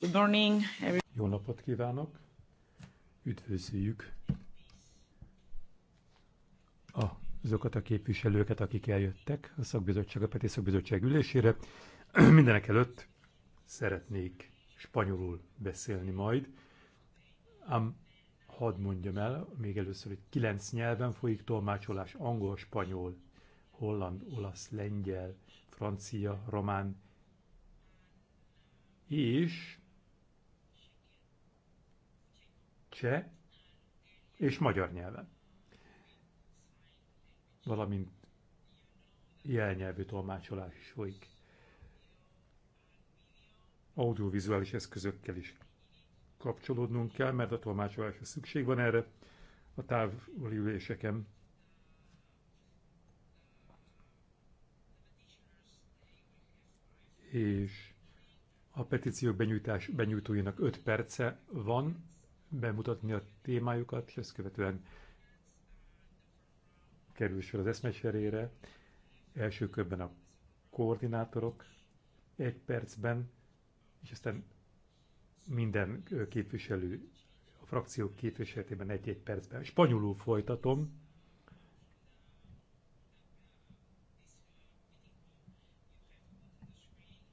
Good morning. Jó napot kívánok! Üdvözlőjük a, azokat a képviselőket, akik eljöttek a szakbizottság, a Peti Szakbizottság ülésére. Mindenek előtt szeretnék spanyolul beszélni majd, ám hadd mondjam el, még először, hogy kilenc nyelven folyik tolmácsolás, angol, spanyol, holland, olasz, lengyel, francia, román, és cseh és magyar nyelven. Valamint jelnyelvű tolmácsolás is folyik. Audiovizuális eszközökkel is kapcsolódnunk kell, mert a tolmácsolásra szükség van erre a távoli üléseken. És a petíció benyújtás, benyújtóinak 5 perce van bemutatni a témájukat, és ezt követően kerül sor az eszmecserére. Első körben a koordinátorok egy percben, és aztán minden képviselő, a frakciók képviseletében egy-egy percben. Spanyolul folytatom.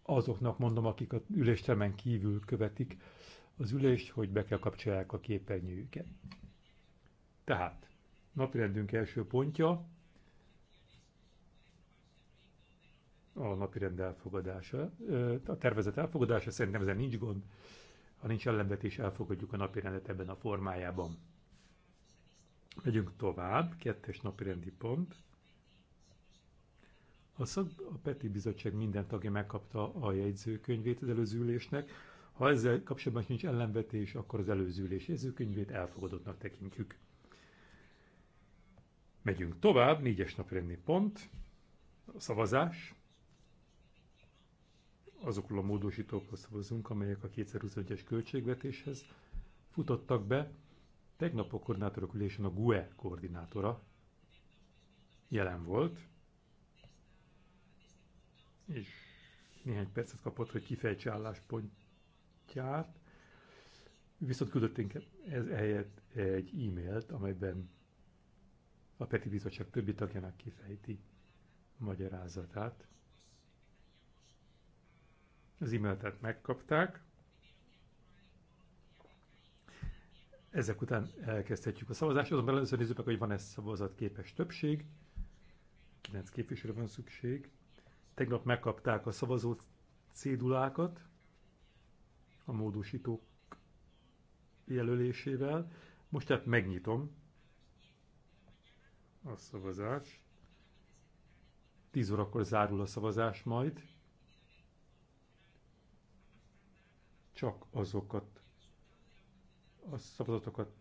Azoknak mondom, akik a ülésteremen kívül követik, az ülést, hogy be kell kapcsolják a képernyőjüket. Tehát, napirendünk első pontja a napirend elfogadása. A tervezet elfogadása szerintem ezen nincs gond. Ha nincs ellenvetés, elfogadjuk a napirendet ebben a formájában. Megyünk tovább, kettes napirendi pont. A, szak, a Peti Bizottság minden tagja megkapta a jegyzőkönyvét az előző ülésnek ha ezzel kapcsolatban nincs ellenvetés, akkor az előző ülés jegyzőkönyvét elfogadottnak tekintjük. Megyünk tovább, négyes napirendi pont, a szavazás. Azokról a módosítókról szavazunk, amelyek a 2021-es költségvetéshez futottak be. Tegnap a koordinátorok ülésen a GUE koordinátora jelen volt, és néhány percet kapott, hogy kifejtse álláspontját posztját, viszont küldött ez helyett egy e-mailt, amelyben a Peti Bizottság többi tagjának kifejti magyarázatát. Az e-mailt megkapták. Ezek után elkezdhetjük a szavazást, azonban először nézzük meg, hogy van-e szavazat képes többség. 9 képviselőre van szükség. Tegnap megkapták a szavazó cédulákat a módosítók jelölésével. Most tehát megnyitom a szavazást. 10 órakor zárul a szavazás majd. Csak azokat a szavazatokat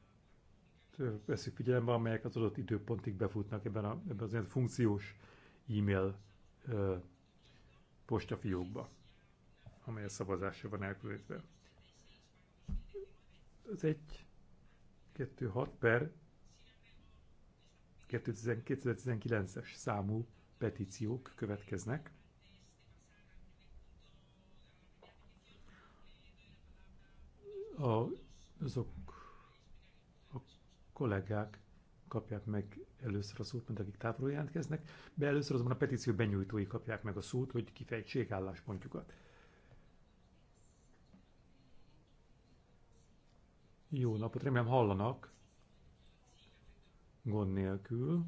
veszük figyelembe, amelyek az adott időpontig befutnak ebben, a, ebben az ilyen funkciós e-mail postafiókba, amely a szavazásra van elküldve. Az 1, 2, 6 per 2019-es számú petíciók következnek. A, azok a kollégák kapják meg először a szót, mint akik távolról jelentkeznek, de először azonban a petíció benyújtói kapják meg a szót, hogy kifejtsék álláspontjukat. Jó napot, remélem hallanak. Gond nélkül.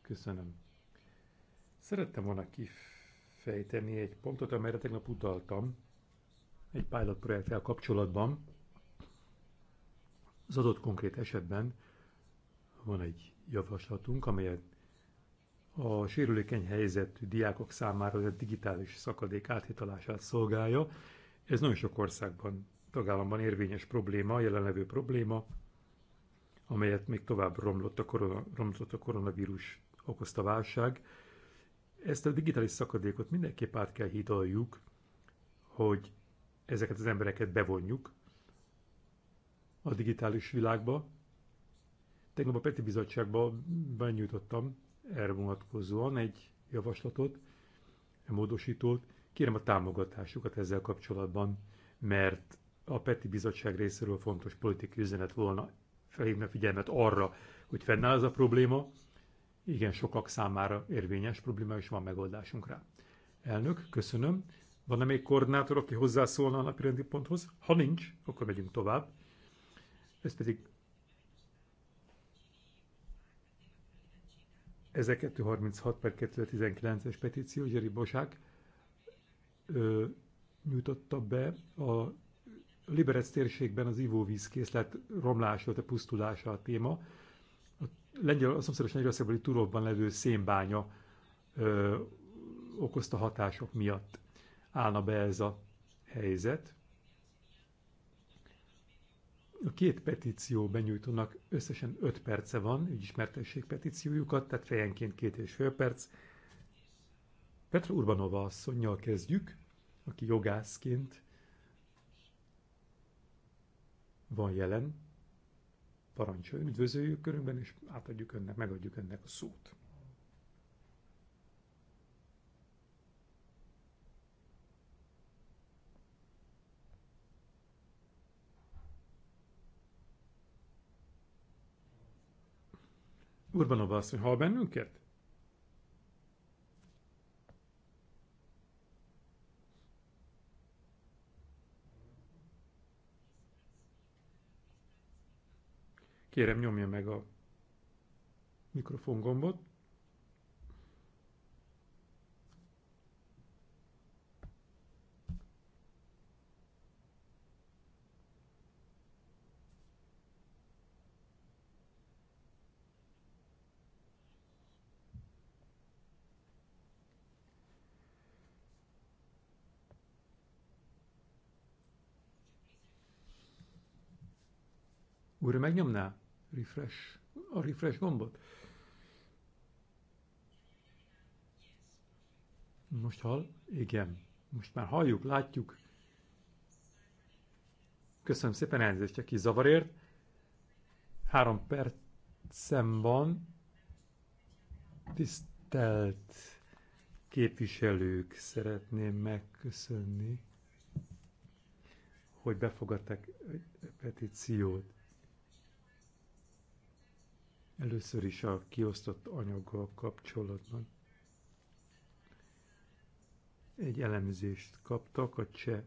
Köszönöm. Szerettem volna kifejteni egy pontot, amelyre tegnap utaltam egy pilot projekttel kapcsolatban. Az adott konkrét esetben van egy javaslatunk, amelyet a sérülékeny helyzetű diákok számára a digitális szakadék áthitalását szolgálja. Ez nagyon sok országban tagállamban érvényes probléma, jelenlevő probléma, amelyet még tovább romlott a, korona, romlott a koronavírus okozta válság. Ezt a digitális szakadékot mindenképp át kell hidaljuk, hogy ezeket az embereket bevonjuk a digitális világba. Tegnap a Peti Bizottságban benyújtottam erre vonatkozóan egy javaslatot, egy módosítót. Kérem a támogatásukat ezzel kapcsolatban, mert a PETI bizottság részéről fontos politikai üzenet volna felhívni a figyelmet arra, hogy fennáll ez a probléma, igen sokak számára érvényes probléma, és van megoldásunk rá. Elnök, köszönöm. Van-e még koordinátor, aki hozzászólna a napirendi ponthoz? Ha nincs, akkor megyünk tovább. Ez pedig 1236 per 2019-es petíció, Gyeri Bosák ö, nyújtotta be a Liberec térségben az ivóvízkészlet romlása, a pusztulása a téma. A, lengyel, a szomszédos Lengyelországban turóban levő szénbánya ö, okozta hatások miatt állna be ez a helyzet. A két petíció benyújtónak összesen 5 perce van, így ismertesség petíciójukat, tehát fejenként két és fél perc. Petra Urbanova asszonynal kezdjük, aki jogászként van jelen, parancsoljon, üdvözöljük körünkben, és átadjuk önnek, megadjuk önnek a szót. Urbanova asszony, hall bennünket? Kérem, nyomja meg a mikrofon gombot. Úr, megnyomná? refresh, a refresh gombot. Most hall? Igen. Most már halljuk, látjuk. Köszönöm szépen elnézést a kis zavarért. Három percem van. Tisztelt képviselők, szeretném megköszönni, hogy befogadták a petíciót. Először is a kiosztott anyaggal kapcsolatban egy elemzést kaptak a cseh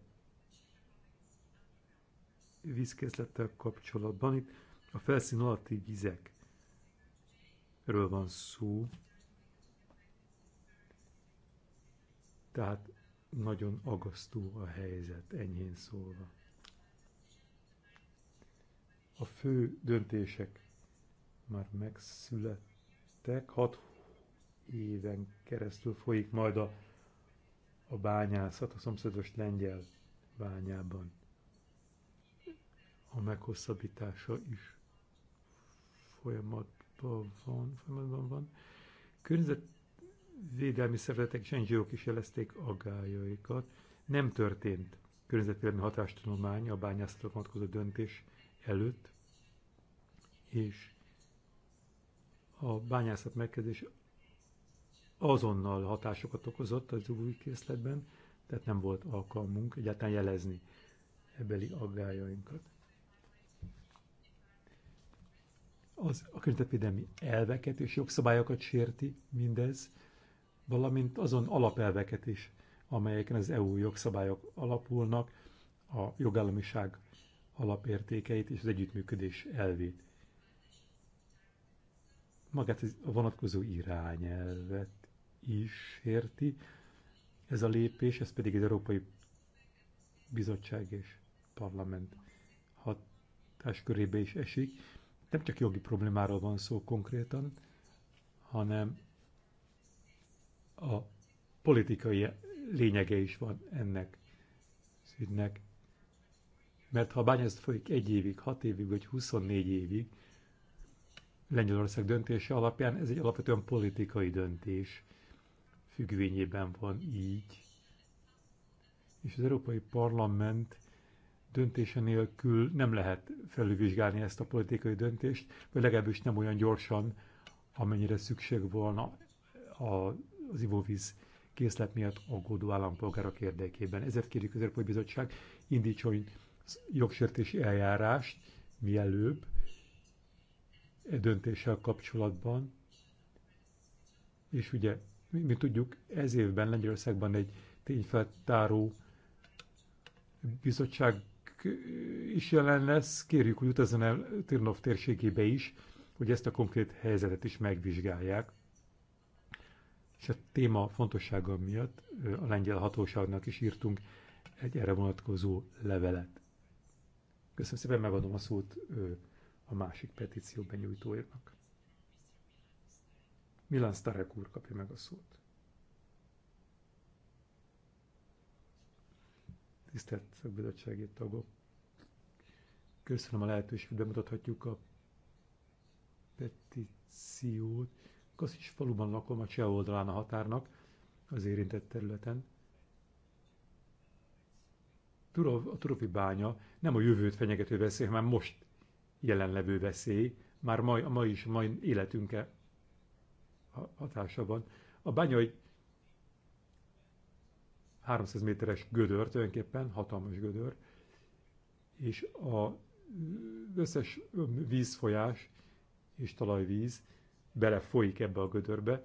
vízkészlettel kapcsolatban. Itt a felszín alatti vizekről van szó. Tehát nagyon agasztó a helyzet, enyhén szólva. A fő döntések már megszülettek, hat éven keresztül folyik majd a, a bányászat a szomszédos lengyel bányában. A meghosszabbítása is folyamatban van. Folyamatban van. Környezetvédelmi szervezetek és ngo is jelezték aggájaikat. Nem történt környezetvédelmi hatástanulmány a bányászatok vonatkozó döntés előtt, és a bányászat megkezdés azonnal hatásokat okozott az új készletben, tehát nem volt alkalmunk egyáltalán jelezni ebbeli aggájainkat. Az a környezetvédelmi elveket és jogszabályokat sérti mindez, valamint azon alapelveket is, amelyeken az EU jogszabályok alapulnak, a jogállamiság alapértékeit és az együttműködés elvét magát a vonatkozó irányelvet is érti. Ez a lépés, ez pedig az Európai Bizottság és Parlament hatáskörébe is esik. Nem csak jogi problémáról van szó konkrétan, hanem a politikai lényege is van ennek az ügynek. Mert ha a bányászat folyik egy évig, hat évig, vagy 24 évig, Lengyelország döntése alapján ez egy alapvetően politikai döntés függvényében van így. És az Európai Parlament döntése nélkül nem lehet felülvizsgálni ezt a politikai döntést, vagy legalábbis nem olyan gyorsan, amennyire szükség volna az ivóvíz készlet miatt aggódó állampolgárok érdekében. Ezért kérjük az Európai Bizottság indítson jogsértési eljárást mielőbb, döntéssel kapcsolatban, és ugye mi, mi tudjuk, ez évben Lengyelországban egy tényfeltáró bizottság is jelen lesz, kérjük, hogy utazzon el Tirnov térségébe is, hogy ezt a konkrét helyzetet is megvizsgálják. És a téma fontossága miatt a lengyel hatóságnak is írtunk egy erre vonatkozó levelet. Köszönöm szépen, megadom a szót a másik petíció benyújtójának. Milán Starek úr kapja meg a szót. Tisztelt bizottsági tagok! Köszönöm a lehetőséget, bemutathatjuk a petíciót. Kasszics faluban lakom, a cseh oldalán a határnak, az érintett területen. A Turofi bánya nem a jövőt fenyegető veszély, hanem most jelenlevő veszély, már mai, a mai is, mai életünkre hatása van. A bánya egy 300 méteres gödör tulajdonképpen, hatalmas gödör, és a összes vízfolyás és talajvíz belefolyik ebbe a gödörbe,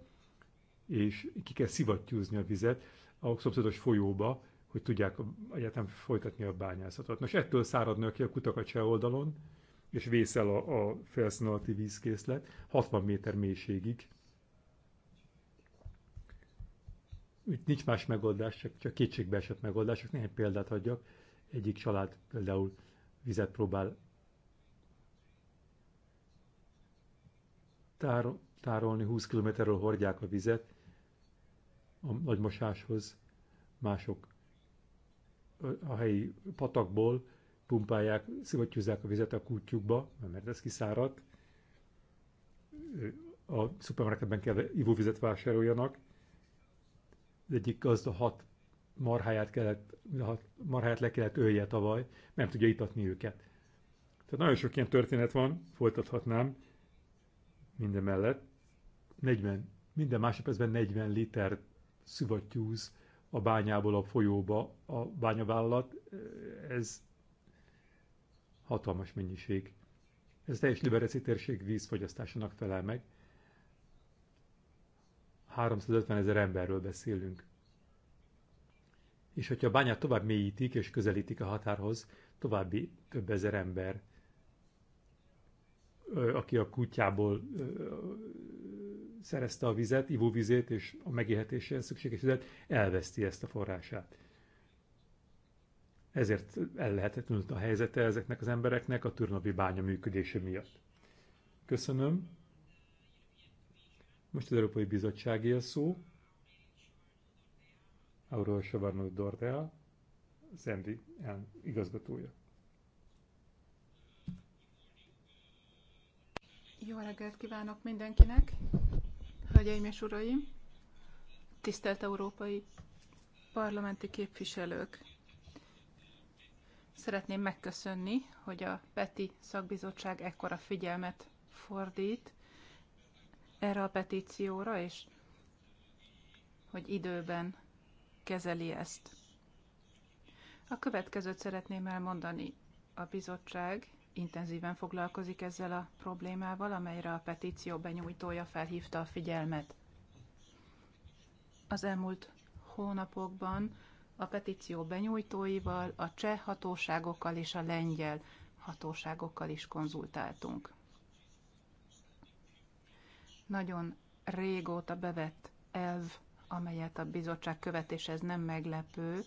és ki kell szivattyúzni a vizet a szomszédos folyóba, hogy tudják egyáltalán folytatni a bányászatot. Nos, ettől száradnak ki a kutak a cseh oldalon, és vészel a, a alatti vízkészlet 60 méter mélységig. Itt nincs más megoldás, csak, csak esett megoldás, csak néhány példát adjak. Egyik család például vizet próbál tár, tárolni, 20 kilométerről hordják a vizet a nagymosáshoz, mások a helyi patakból, pumpálják, szivattyúzzák a vizet a kútjukba, mert ez kiszáradt. A szupermarketben kell ivóvizet vásároljanak. Az egyik gazda hat marháját, kellett, hat marháját le kellett ölje tavaly, nem tudja itatni őket. Tehát nagyon sok ilyen történet van, folytathatnám minden mellett. 40, minden másodpercben 40 liter szivattyúz a bányából a folyóba a bányavállalat. Ez hatalmas mennyiség. Ez teljes liberaci térség vízfogyasztásának felel meg. 350 ezer emberről beszélünk. És hogyha a bányát tovább mélyítik és közelítik a határhoz, további több ezer ember, aki a kutyából szerezte a vizet, ivóvizét és a megélhetéséhez szükséges vizet, elveszti ezt a forrását. Ezért el lehetetlenült a helyzete ezeknek az embereknek a Türnavi bánya működése miatt. Köszönöm. Most az Európai Bizottságé a szó. Aurora Savarnó Dordea, az ENDI igazgatója. Jó reggelt kívánok mindenkinek! Hölgyeim és uraim! Tisztelt európai parlamenti képviselők! Szeretném megköszönni, hogy a PETI szakbizottság ekkora figyelmet fordít erre a petícióra, és hogy időben kezeli ezt. A következőt szeretném elmondani. A bizottság intenzíven foglalkozik ezzel a problémával, amelyre a petíció benyújtója felhívta a figyelmet. Az elmúlt hónapokban a petíció benyújtóival, a cseh hatóságokkal és a lengyel hatóságokkal is konzultáltunk. Nagyon régóta bevett elv, amelyet a bizottság követés, ez nem meglepő.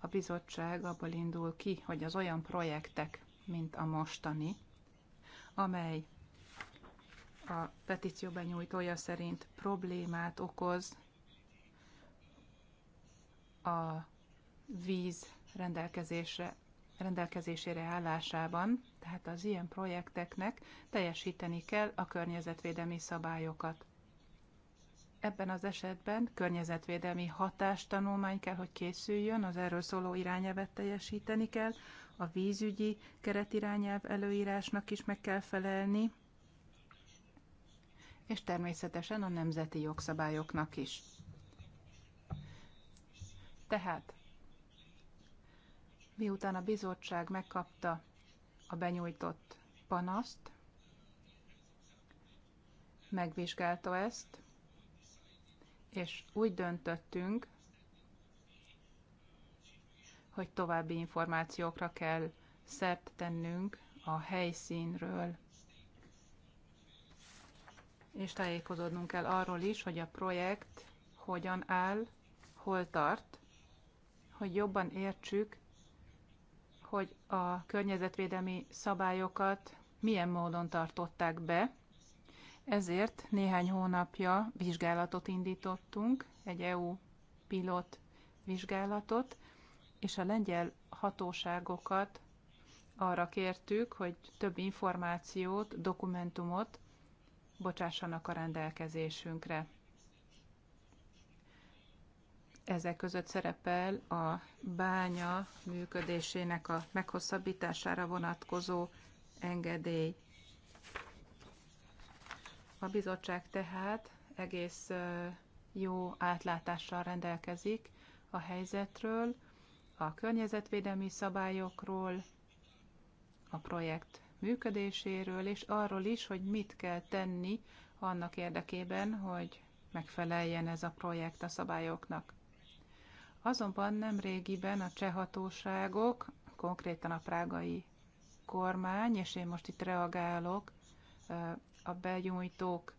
A bizottság abból indul ki, hogy az olyan projektek, mint a mostani, amely a petíció benyújtója szerint problémát okoz a víz rendelkezésre, rendelkezésére állásában, tehát az ilyen projekteknek teljesíteni kell a környezetvédelmi szabályokat. Ebben az esetben környezetvédelmi hatástanulmány kell, hogy készüljön, az erről szóló irányelvet teljesíteni kell, a vízügyi keretirányelv előírásnak is meg kell felelni, és természetesen a nemzeti jogszabályoknak is. Tehát Miután a bizottság megkapta a benyújtott panaszt, megvizsgálta ezt, és úgy döntöttünk, hogy további információkra kell szert tennünk a helyszínről. És tájékozódnunk kell arról is, hogy a projekt hogyan áll, hol tart, hogy jobban értsük, hogy a környezetvédelmi szabályokat milyen módon tartották be. Ezért néhány hónapja vizsgálatot indítottunk, egy EU pilot vizsgálatot, és a lengyel hatóságokat arra kértük, hogy több információt, dokumentumot bocsássanak a rendelkezésünkre ezek között szerepel a bánya működésének a meghosszabbítására vonatkozó engedély. A bizottság tehát egész jó átlátással rendelkezik a helyzetről, a környezetvédelmi szabályokról, a projekt működéséről, és arról is, hogy mit kell tenni annak érdekében, hogy megfeleljen ez a projekt a szabályoknak. Azonban nem régiben a cseh hatóságok, konkrétan a prágai kormány, és én most itt reagálok a begyújtók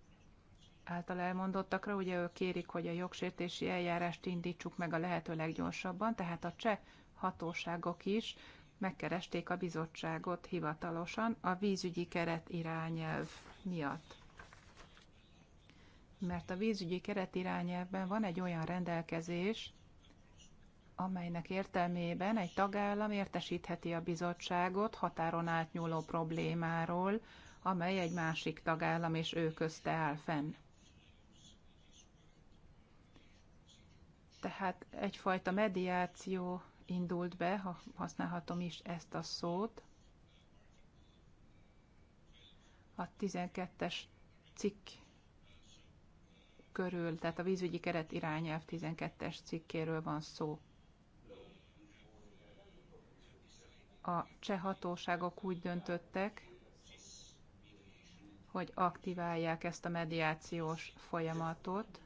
által elmondottakra, ugye ők kérik, hogy a jogsértési eljárást indítsuk meg a lehető leggyorsabban, tehát a cseh hatóságok is megkeresték a bizottságot hivatalosan a vízügyi keret irányelv miatt. Mert a vízügyi keret irányelvben van egy olyan rendelkezés, amelynek értelmében egy tagállam értesítheti a bizottságot határon átnyúló problémáról, amely egy másik tagállam és ő közte áll fenn. Tehát egyfajta mediáció indult be, ha használhatom is ezt a szót. A 12-es cikk körül, tehát a vízügyi keret irányelv 12-es cikkéről van szó. a cseh hatóságok úgy döntöttek, hogy aktiválják ezt a mediációs folyamatot,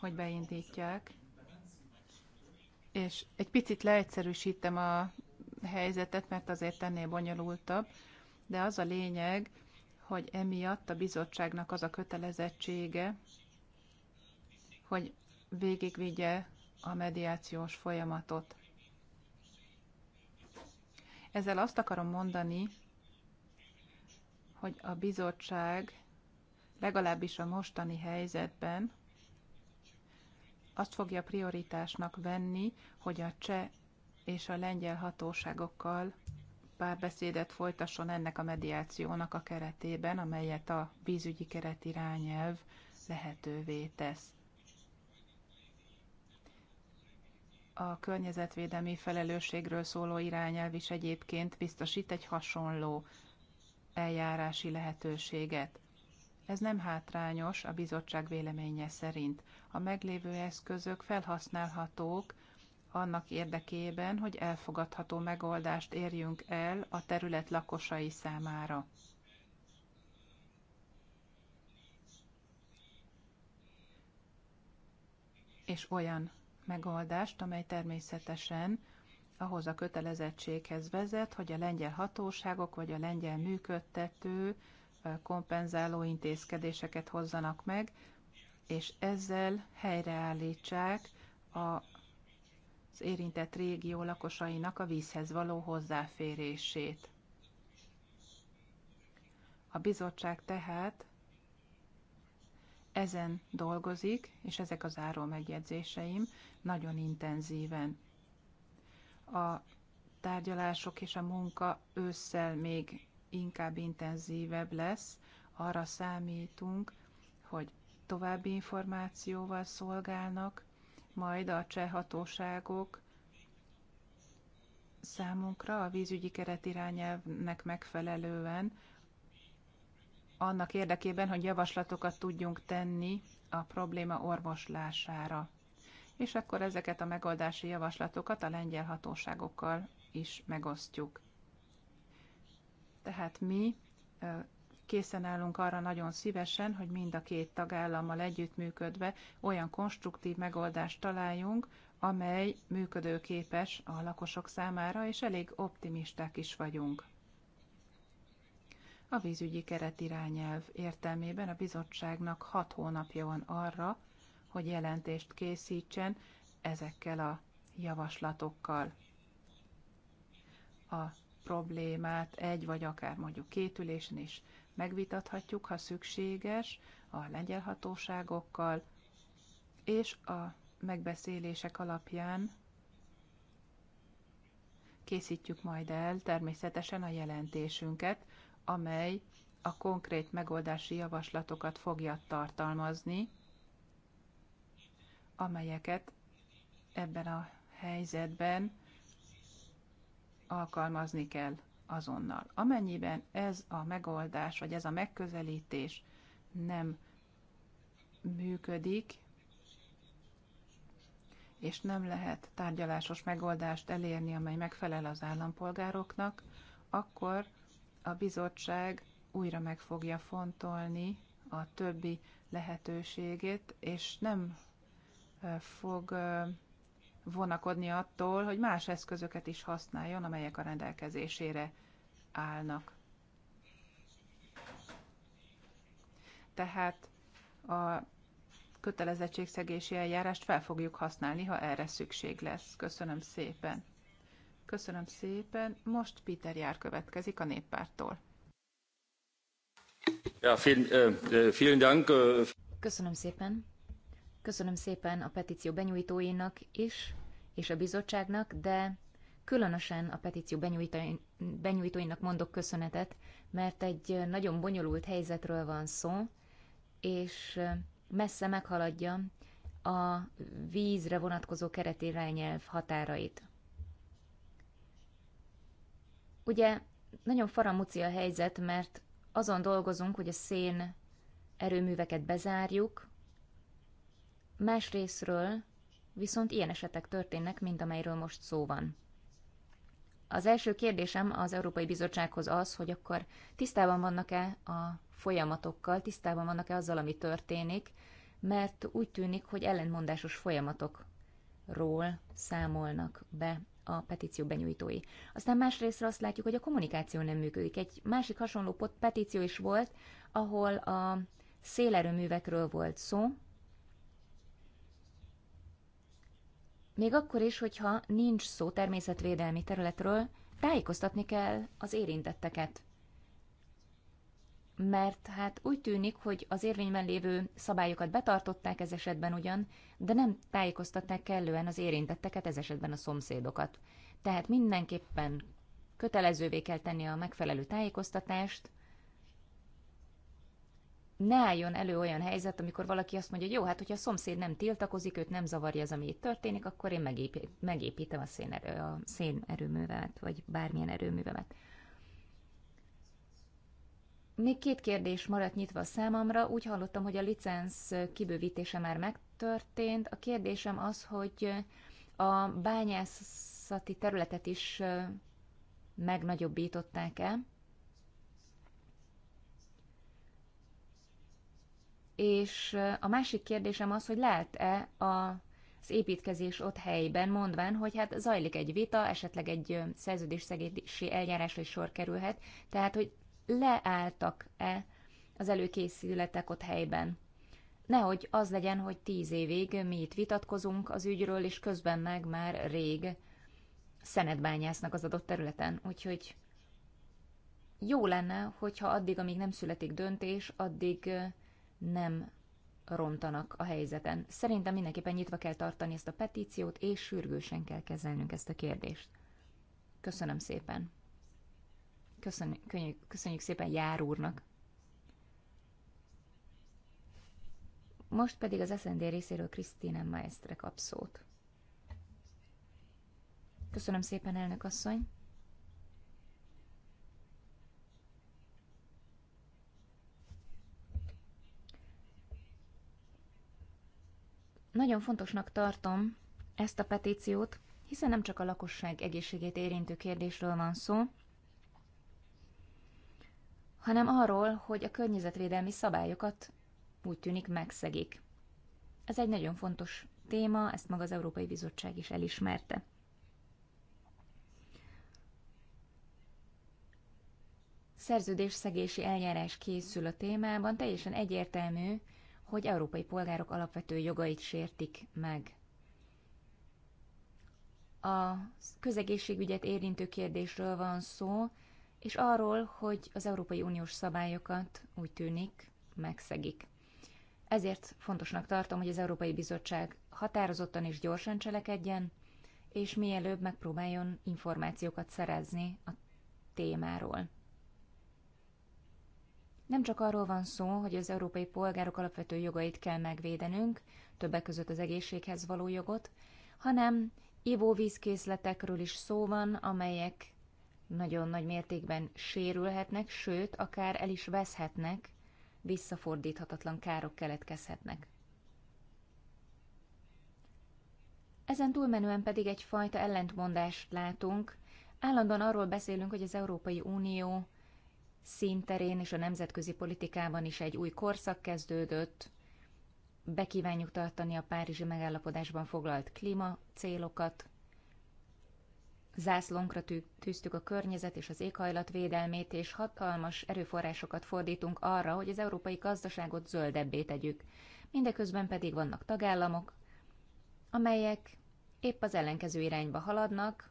hogy beindítják. És egy picit leegyszerűsítem a helyzetet, mert azért ennél bonyolultabb, de az a lényeg, hogy emiatt a bizottságnak az a kötelezettsége, hogy végigvigye a mediációs folyamatot. Ezzel azt akarom mondani, hogy a bizottság legalábbis a mostani helyzetben azt fogja prioritásnak venni, hogy a cseh és a lengyel hatóságokkal párbeszédet folytasson ennek a mediációnak a keretében, amelyet a vízügyi keretirányelv lehetővé tesz. A környezetvédelmi felelősségről szóló irányelv is egyébként biztosít egy hasonló eljárási lehetőséget. Ez nem hátrányos a bizottság véleménye szerint. A meglévő eszközök felhasználhatók annak érdekében, hogy elfogadható megoldást érjünk el a terület lakosai számára. És olyan megoldást, amely természetesen ahhoz a kötelezettséghez vezet, hogy a lengyel hatóságok vagy a lengyel működtető kompenzáló intézkedéseket hozzanak meg, és ezzel helyreállítsák a az érintett régió lakosainak a vízhez való hozzáférését. A bizottság tehát ezen dolgozik, és ezek az áró megjegyzéseim nagyon intenzíven. A tárgyalások és a munka ősszel még inkább intenzívebb lesz. Arra számítunk, hogy további információval szolgálnak, majd a cseh hatóságok számunkra a vízügyi keretirányelvnek megfelelően annak érdekében, hogy javaslatokat tudjunk tenni a probléma orvoslására. És akkor ezeket a megoldási javaslatokat a lengyel hatóságokkal is megosztjuk. Tehát mi készen állunk arra nagyon szívesen, hogy mind a két tagállammal együttműködve olyan konstruktív megoldást találjunk, amely működőképes a lakosok számára, és elég optimisták is vagyunk. A vízügyi keretirányelv értelmében a bizottságnak hat hónapja van arra, hogy jelentést készítsen ezekkel a javaslatokkal. A problémát egy vagy akár mondjuk két ülésen is megvitathatjuk, ha szükséges, a lengyel hatóságokkal, és a megbeszélések alapján készítjük majd el természetesen a jelentésünket, amely a konkrét megoldási javaslatokat fogja tartalmazni, amelyeket ebben a helyzetben alkalmazni kell azonnal. Amennyiben ez a megoldás, vagy ez a megközelítés nem működik, és nem lehet tárgyalásos megoldást elérni, amely megfelel az állampolgároknak, akkor a bizottság újra meg fogja fontolni a többi lehetőségét, és nem fog vonakodni attól, hogy más eszközöket is használjon, amelyek a rendelkezésére állnak. Tehát a kötelezettségszegési eljárást fel fogjuk használni, ha erre szükség lesz. Köszönöm szépen. Köszönöm szépen. Most Péter Jár következik a néppártól. Ja, vielen, vielen Dank. Köszönöm szépen. Köszönöm szépen a petíció benyújtóinak is, és a bizottságnak, de különösen a petíció benyújtóinak mondok köszönetet, mert egy nagyon bonyolult helyzetről van szó, és messze meghaladja a vízre vonatkozó keretirányelv határait. Ugye nagyon faramúci a helyzet, mert azon dolgozunk, hogy a szén erőműveket bezárjuk, más részről viszont ilyen esetek történnek, mint amelyről most szó van. Az első kérdésem az Európai Bizottsághoz az, hogy akkor tisztában vannak-e a folyamatokkal, tisztában vannak-e azzal, ami történik, mert úgy tűnik, hogy ellentmondásos folyamatokról számolnak be a petíció benyújtói. Aztán másrészt azt látjuk, hogy a kommunikáció nem működik. Egy másik hasonló petíció is volt, ahol a szélerőművekről volt szó, Még akkor is, hogyha nincs szó természetvédelmi területről, tájékoztatni kell az érintetteket mert hát úgy tűnik, hogy az érvényben lévő szabályokat betartották ez esetben ugyan, de nem tájékoztatták kellően az érintetteket, ez esetben a szomszédokat. Tehát mindenképpen kötelezővé kell tenni a megfelelő tájékoztatást, ne álljon elő olyan helyzet, amikor valaki azt mondja, hogy jó, hát hogyha a szomszéd nem tiltakozik, őt nem zavarja az, ami itt történik, akkor én megépítem a, szénerő, a szénerőművemet, vagy bármilyen erőművemet. Még két kérdés maradt nyitva számomra. Úgy hallottam, hogy a licenc kibővítése már megtörtént. A kérdésem az, hogy a bányászati területet is megnagyobbították-e? És a másik kérdésem az, hogy lehet-e az építkezés ott helyben, mondván, hogy hát zajlik egy vita, esetleg egy szerződésszegési eljárásra is sor kerülhet, tehát hogy leálltak-e az előkészületek ott helyben. Nehogy az legyen, hogy tíz évig mi itt vitatkozunk az ügyről, és közben meg már rég szenetbányásznak az adott területen. Úgyhogy jó lenne, hogyha addig, amíg nem születik döntés, addig nem rontanak a helyzeten. Szerintem mindenképpen nyitva kell tartani ezt a petíciót, és sürgősen kell kezelnünk ezt a kérdést. Köszönöm szépen! Köszönjük, köszönjük szépen Jár úrnak. Most pedig az SND részéről Krisztina Maestre kap szót. Köszönöm szépen, elnök asszony. Nagyon fontosnak tartom ezt a petíciót, hiszen nem csak a lakosság egészségét érintő kérdésről van szó, hanem arról, hogy a környezetvédelmi szabályokat úgy tűnik megszegik. Ez egy nagyon fontos téma, ezt maga az Európai Bizottság is elismerte. Szerződésszegési eljárás készül a témában, teljesen egyértelmű, hogy európai polgárok alapvető jogait sértik meg. A közegészségügyet érintő kérdésről van szó, és arról, hogy az Európai Uniós szabályokat úgy tűnik megszegik. Ezért fontosnak tartom, hogy az Európai Bizottság határozottan és gyorsan cselekedjen, és mielőbb megpróbáljon információkat szerezni a témáról. Nem csak arról van szó, hogy az európai polgárok alapvető jogait kell megvédenünk, többek között az egészséghez való jogot, hanem ivóvízkészletekről is szó van, amelyek nagyon nagy mértékben sérülhetnek, sőt, akár el is veszhetnek, visszafordíthatatlan károk keletkezhetnek. Ezen túlmenően pedig egyfajta ellentmondást látunk. Állandóan arról beszélünk, hogy az Európai Unió színterén és a nemzetközi politikában is egy új korszak kezdődött, bekívánjuk tartani a Párizsi megállapodásban foglalt klímacélokat, zászlónkra tűztük a környezet és az éghajlat védelmét, és hatalmas erőforrásokat fordítunk arra, hogy az európai gazdaságot zöldebbé tegyük. Mindeközben pedig vannak tagállamok, amelyek épp az ellenkező irányba haladnak,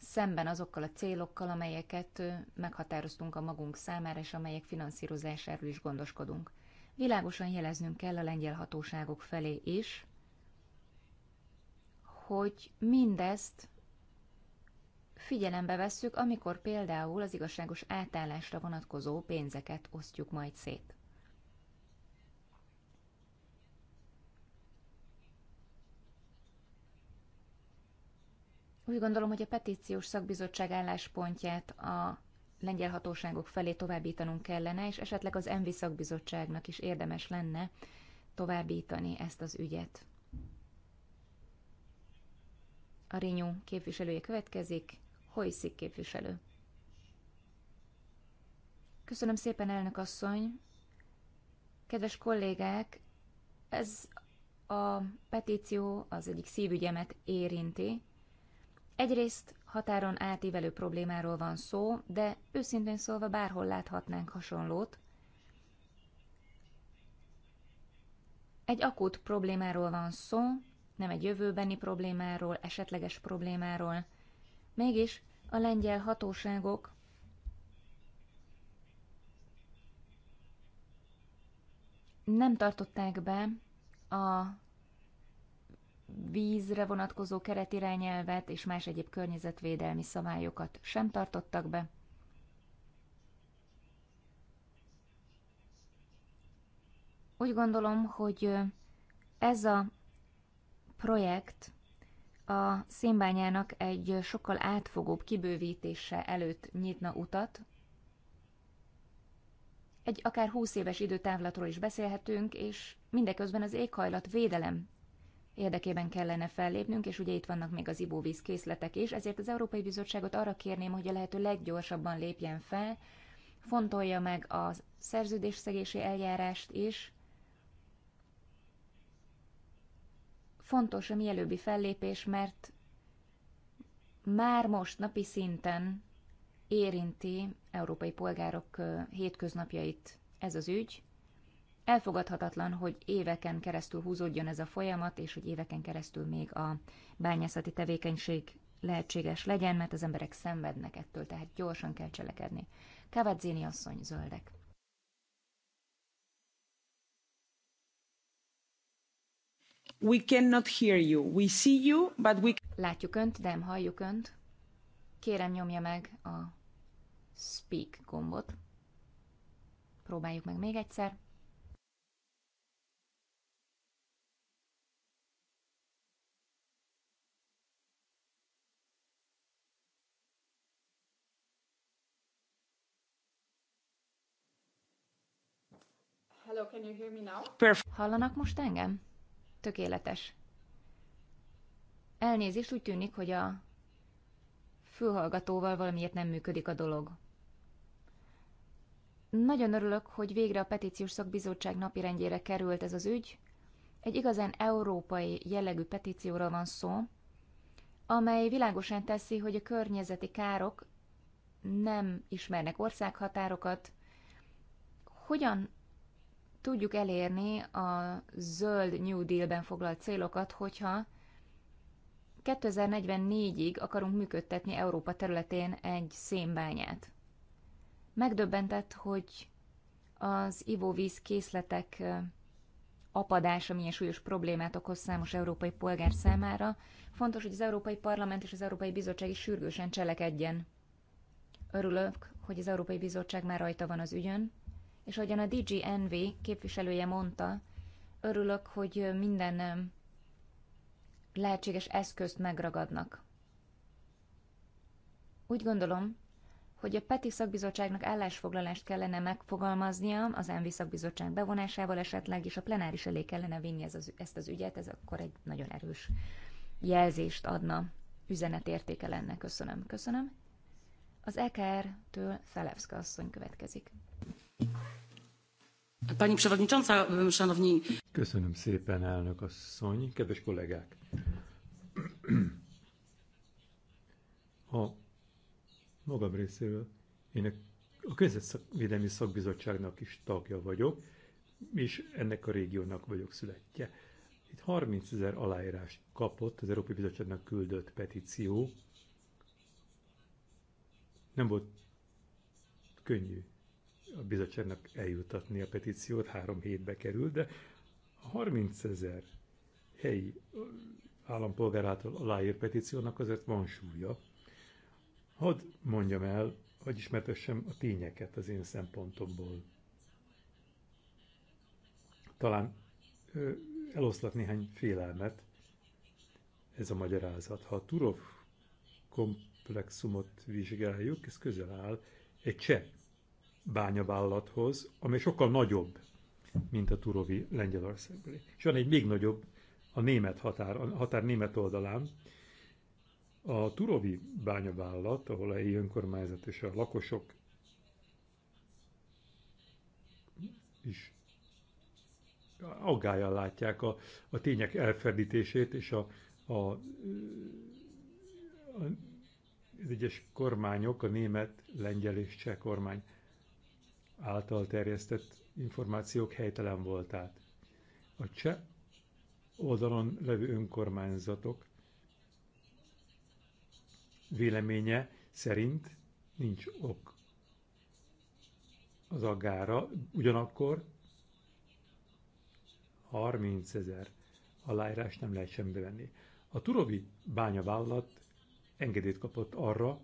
szemben azokkal a célokkal, amelyeket meghatároztunk a magunk számára, és amelyek finanszírozásáról is gondoskodunk. Világosan jeleznünk kell a lengyel hatóságok felé is, hogy mindezt figyelembe vesszük, amikor például az igazságos átállásra vonatkozó pénzeket osztjuk majd szét. Úgy gondolom, hogy a petíciós szakbizottság álláspontját a lengyel hatóságok felé továbbítanunk kellene, és esetleg az ENVI szakbizottságnak is érdemes lenne továbbítani ezt az ügyet. A Rényú képviselője következik. Hojszik képviselő. Köszönöm szépen, elnök asszony. Kedves kollégák, ez a petíció az egyik szívügyemet érinti. Egyrészt határon átívelő problémáról van szó, de őszintén szólva bárhol láthatnánk hasonlót. Egy akut problémáról van szó, nem egy jövőbeni problémáról, esetleges problémáról – Mégis a lengyel hatóságok nem tartották be a vízre vonatkozó keretirányelvet és más egyéb környezetvédelmi szabályokat sem tartottak be. Úgy gondolom, hogy ez a projekt a szénbányának egy sokkal átfogóbb kibővítése előtt nyitna utat. Egy akár 20 éves időtávlatról is beszélhetünk, és mindeközben az éghajlat védelem érdekében kellene fellépnünk, és ugye itt vannak még az ibóvíz készletek is, ezért az Európai Bizottságot arra kérném, hogy a lehető leggyorsabban lépjen fel, fontolja meg a szerződésszegési eljárást is, Fontos a mielőbbi fellépés, mert már most napi szinten érinti európai polgárok hétköznapjait ez az ügy. Elfogadhatatlan, hogy éveken keresztül húzódjon ez a folyamat, és hogy éveken keresztül még a bányászati tevékenység lehetséges legyen, mert az emberek szenvednek ettől, tehát gyorsan kell cselekedni. Kavadzini asszony, zöldek. We cannot hear you. We see you, but we... Látjuk Önt, de nem halljuk Önt. Kérem nyomja meg a speak gombot. Próbáljuk meg még egyszer. Hello, can you hear me now? Hallanak most engem? tökéletes. Elnézést, úgy tűnik, hogy a fülhallgatóval valamiért nem működik a dolog. Nagyon örülök, hogy végre a petíciós szakbizottság napirendjére került ez az ügy. Egy igazán európai jellegű petícióra van szó, amely világosan teszi, hogy a környezeti károk nem ismernek országhatárokat. Hogyan tudjuk elérni a zöld New Deal-ben foglalt célokat, hogyha 2044-ig akarunk működtetni Európa területén egy szénbányát. Megdöbbentett, hogy az ivóvíz készletek apadása milyen súlyos problémát okoz számos európai polgár számára. Fontos, hogy az Európai Parlament és az Európai Bizottság is sürgősen cselekedjen. Örülök, hogy az Európai Bizottság már rajta van az ügyön, és ahogyan a DG Envy képviselője mondta, örülök, hogy minden lehetséges eszközt megragadnak. Úgy gondolom, hogy a PETI szakbizottságnak állásfoglalást kellene megfogalmaznia, az ENVI szakbizottság bevonásával esetleg, és a plenáris elé kellene vinni ez az, ezt az ügyet, ez akkor egy nagyon erős jelzést adna, üzenetértéke lenne. Köszönöm. Köszönöm. Az EKR-től Felevszka asszony következik. Pani Przewodnicząca, Szanowni... Köszönöm szépen, elnök asszony, kedves kollégák! A magam részéről én a Közvetvédelmi Szakbizottságnak is tagja vagyok, és ennek a régiónak vagyok születje. Itt 30 ezer aláírás kapott az Európai Bizottságnak küldött petíció. Nem volt könnyű a bizottságnak eljutatni a petíciót, három hétbe kerül, de 30 ezer helyi állampolgár által aláír petíciónak azért van súlya. Hadd mondjam el, hogy ismertessem a tényeket az én szempontomból. Talán eloszlat néhány félelmet ez a magyarázat. Ha a Turov komplexumot vizsgáljuk, ez közel áll egy cseh bányavállalathoz, ami sokkal nagyobb, mint a Turovi Lengyelországból. És van egy még nagyobb a német határ, a határ német oldalán. A Turovi bányavállalat, ahol a helyi önkormányzat és a lakosok is aggájjal látják a, a tények elferdítését és a, a, a, a az egyes kormányok, a német, lengyel és cseh kormány által terjesztett információk helytelen voltát. A cseh oldalon levő önkormányzatok véleménye szerint nincs ok az aggára, ugyanakkor 30 ezer aláírás nem lehet semmi venni. A Turovi bányavállalat engedélyt kapott arra,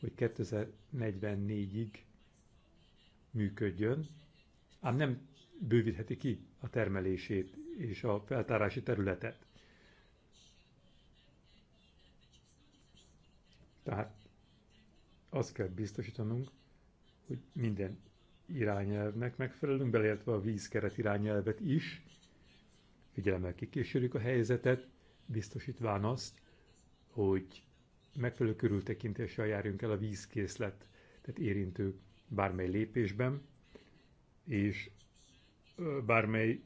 hogy 2044-ig működjön, ám nem bővítheti ki a termelését és a feltárási területet. Tehát azt kell biztosítanunk, hogy minden irányelvnek megfelelünk, beleértve a vízkeret irányelvet is, figyelemmel kikísérjük a helyzetet, biztosítván azt, hogy megfelelő körültekintéssel járjunk el a vízkészlet, tehát érintő bármely lépésben, és bármely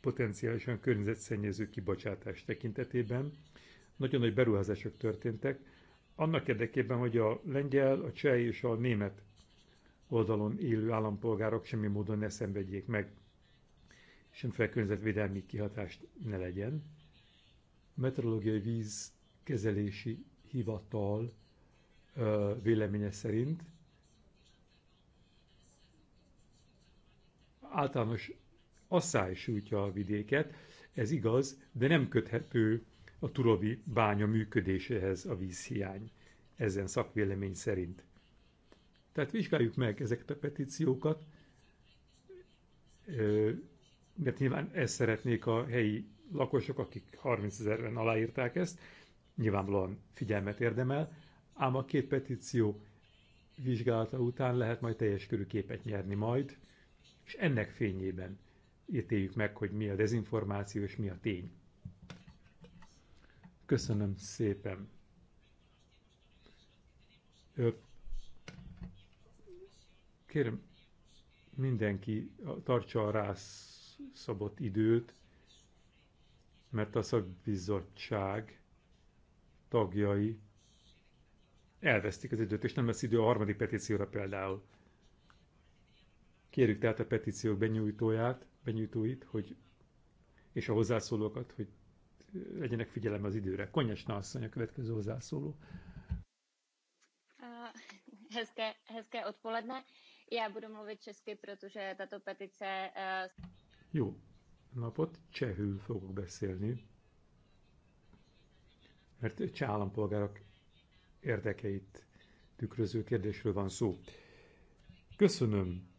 potenciálisan környezetszennyező kibocsátás tekintetében. Nagyon nagy beruházások történtek, annak érdekében, hogy a lengyel, a cseh és a német oldalon élő állampolgárok semmi módon ne szenvedjék meg, semmiféle környezetvédelmi kihatást ne legyen. A meteorológiai vízkezelési hivatal véleménye szerint általános asszály sújtja a vidéket, ez igaz, de nem köthető a turobi bánya működéséhez a vízhiány, ezen szakvélemény szerint. Tehát vizsgáljuk meg ezeket a petíciókat, mert nyilván ezt szeretnék a helyi lakosok, akik 30 ezerben aláírták ezt, nyilvánvalóan figyelmet érdemel, ám a két petíció vizsgálata után lehet majd teljes körű képet nyerni majd, és ennek fényében ítéljük meg, hogy mi a dezinformáció és mi a tény. Köszönöm szépen. Kérem, mindenki tartsa a rászabott időt, mert a szakbizottság tagjai elvesztik az időt, és nem lesz idő a harmadik petícióra például. Kérjük tehát a petíciók benyújtóját, benyújtóit, hogy, és a hozzászólókat, hogy legyenek figyelem az időre. Konyesna asszony a következő hozzászóló. Hezké, hezké odpoledne. Já budu mluvit česky, protože tato petice... E, Jó napot, csehül fogok beszélni, mert cseh állampolgárok érdekeit tükröző kérdésről van szó. Köszönöm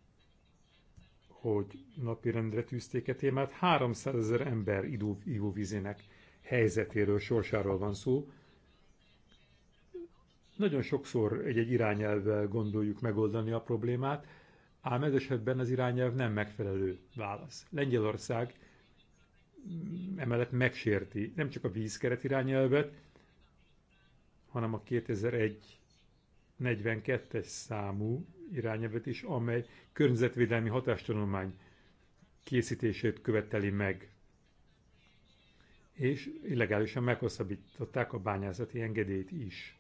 hogy napirendre tűzték a e témát. 300 ezer ember ivóvizének helyzetéről, sorsáról van szó. Nagyon sokszor egy-egy irányelvvel gondoljuk megoldani a problémát, ám ez esetben az irányelv nem megfelelő válasz. Lengyelország emellett megsérti nem csak a vízkeret irányelvet, hanem a 2001 42-es számú irányelvet is, amely környezetvédelmi hatástanulmány készítését követeli meg. És illegálisan meghosszabbították a bányászati engedélyt is.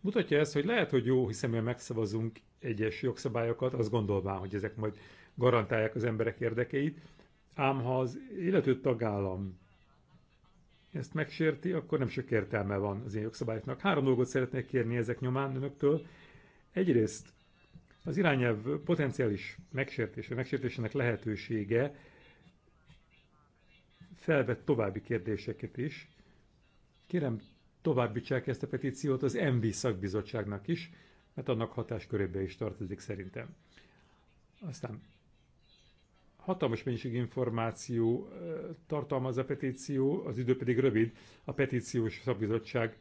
Mutatja ezt, hogy lehet, hogy jó hiszeműen megszavazunk egyes jogszabályokat, azt gondolván, hogy ezek majd garantálják az emberek érdekeit, ám ha az illető tagállam ezt megsérti, akkor nem sok értelme van az én jogszabályoknak. Három dolgot szeretnék kérni ezek nyomán önöktől. Egyrészt az irányelv potenciális megsértése, megsértésének lehetősége felvett további kérdéseket is. Kérem, továbbítsák ezt a petíciót az MV szakbizottságnak is, mert annak hatáskörébe is tartozik szerintem. Aztán hatalmas mennyiség információ eh, tartalmaz a petíció, az idő pedig rövid, a petíciós szakbizottság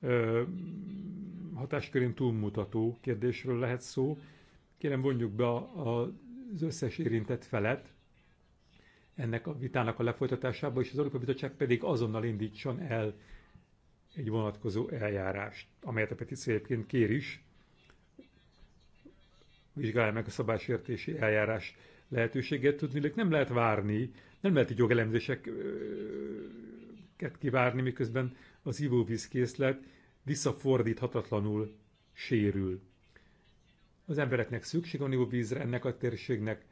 eh, hatáskörén túlmutató kérdésről lehet szó. Kérem vonjuk be az összes érintett felet ennek a vitának a lefolytatásába, és az Európai Bizottság pedig azonnal indítson el egy vonatkozó eljárást, amelyet a petíció egyébként kér is, vizsgálja meg a szabásértési eljárás lehetőséget tudni, nem lehet várni, nem lehet egy jogelemzéseket kivárni, miközben az ivóvízkészlet visszafordíthatatlanul sérül. Az embereknek szükség van ivóvízre, ennek a térségnek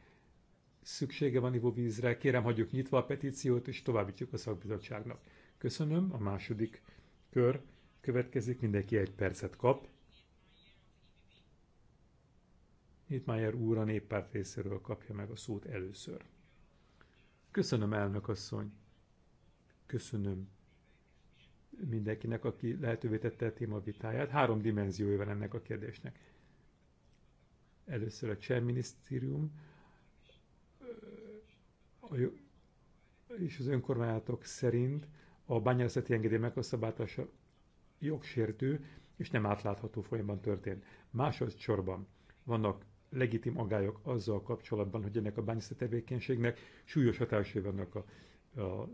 szüksége van ivóvízre. Kérem, hagyjuk nyitva a petíciót, és továbbítjuk a szakbizottságnak. Köszönöm, a második kör következik, mindenki egy percet kap. Nittmájer úr a néppárt részéről kapja meg a szót először. Köszönöm, elnök asszony. Köszönöm mindenkinek, aki lehetővé tette a téma vitáját. Három dimenziója van ennek a kérdésnek. Először a Cseh minisztérium, és az önkormányzatok szerint a bányászati engedély meghosszabbátása jogsértő és nem átlátható folyamban történt. Másodszorban vannak legitim agályok azzal kapcsolatban, hogy ennek a bányászati tevékenységnek súlyos hatásai vannak a, a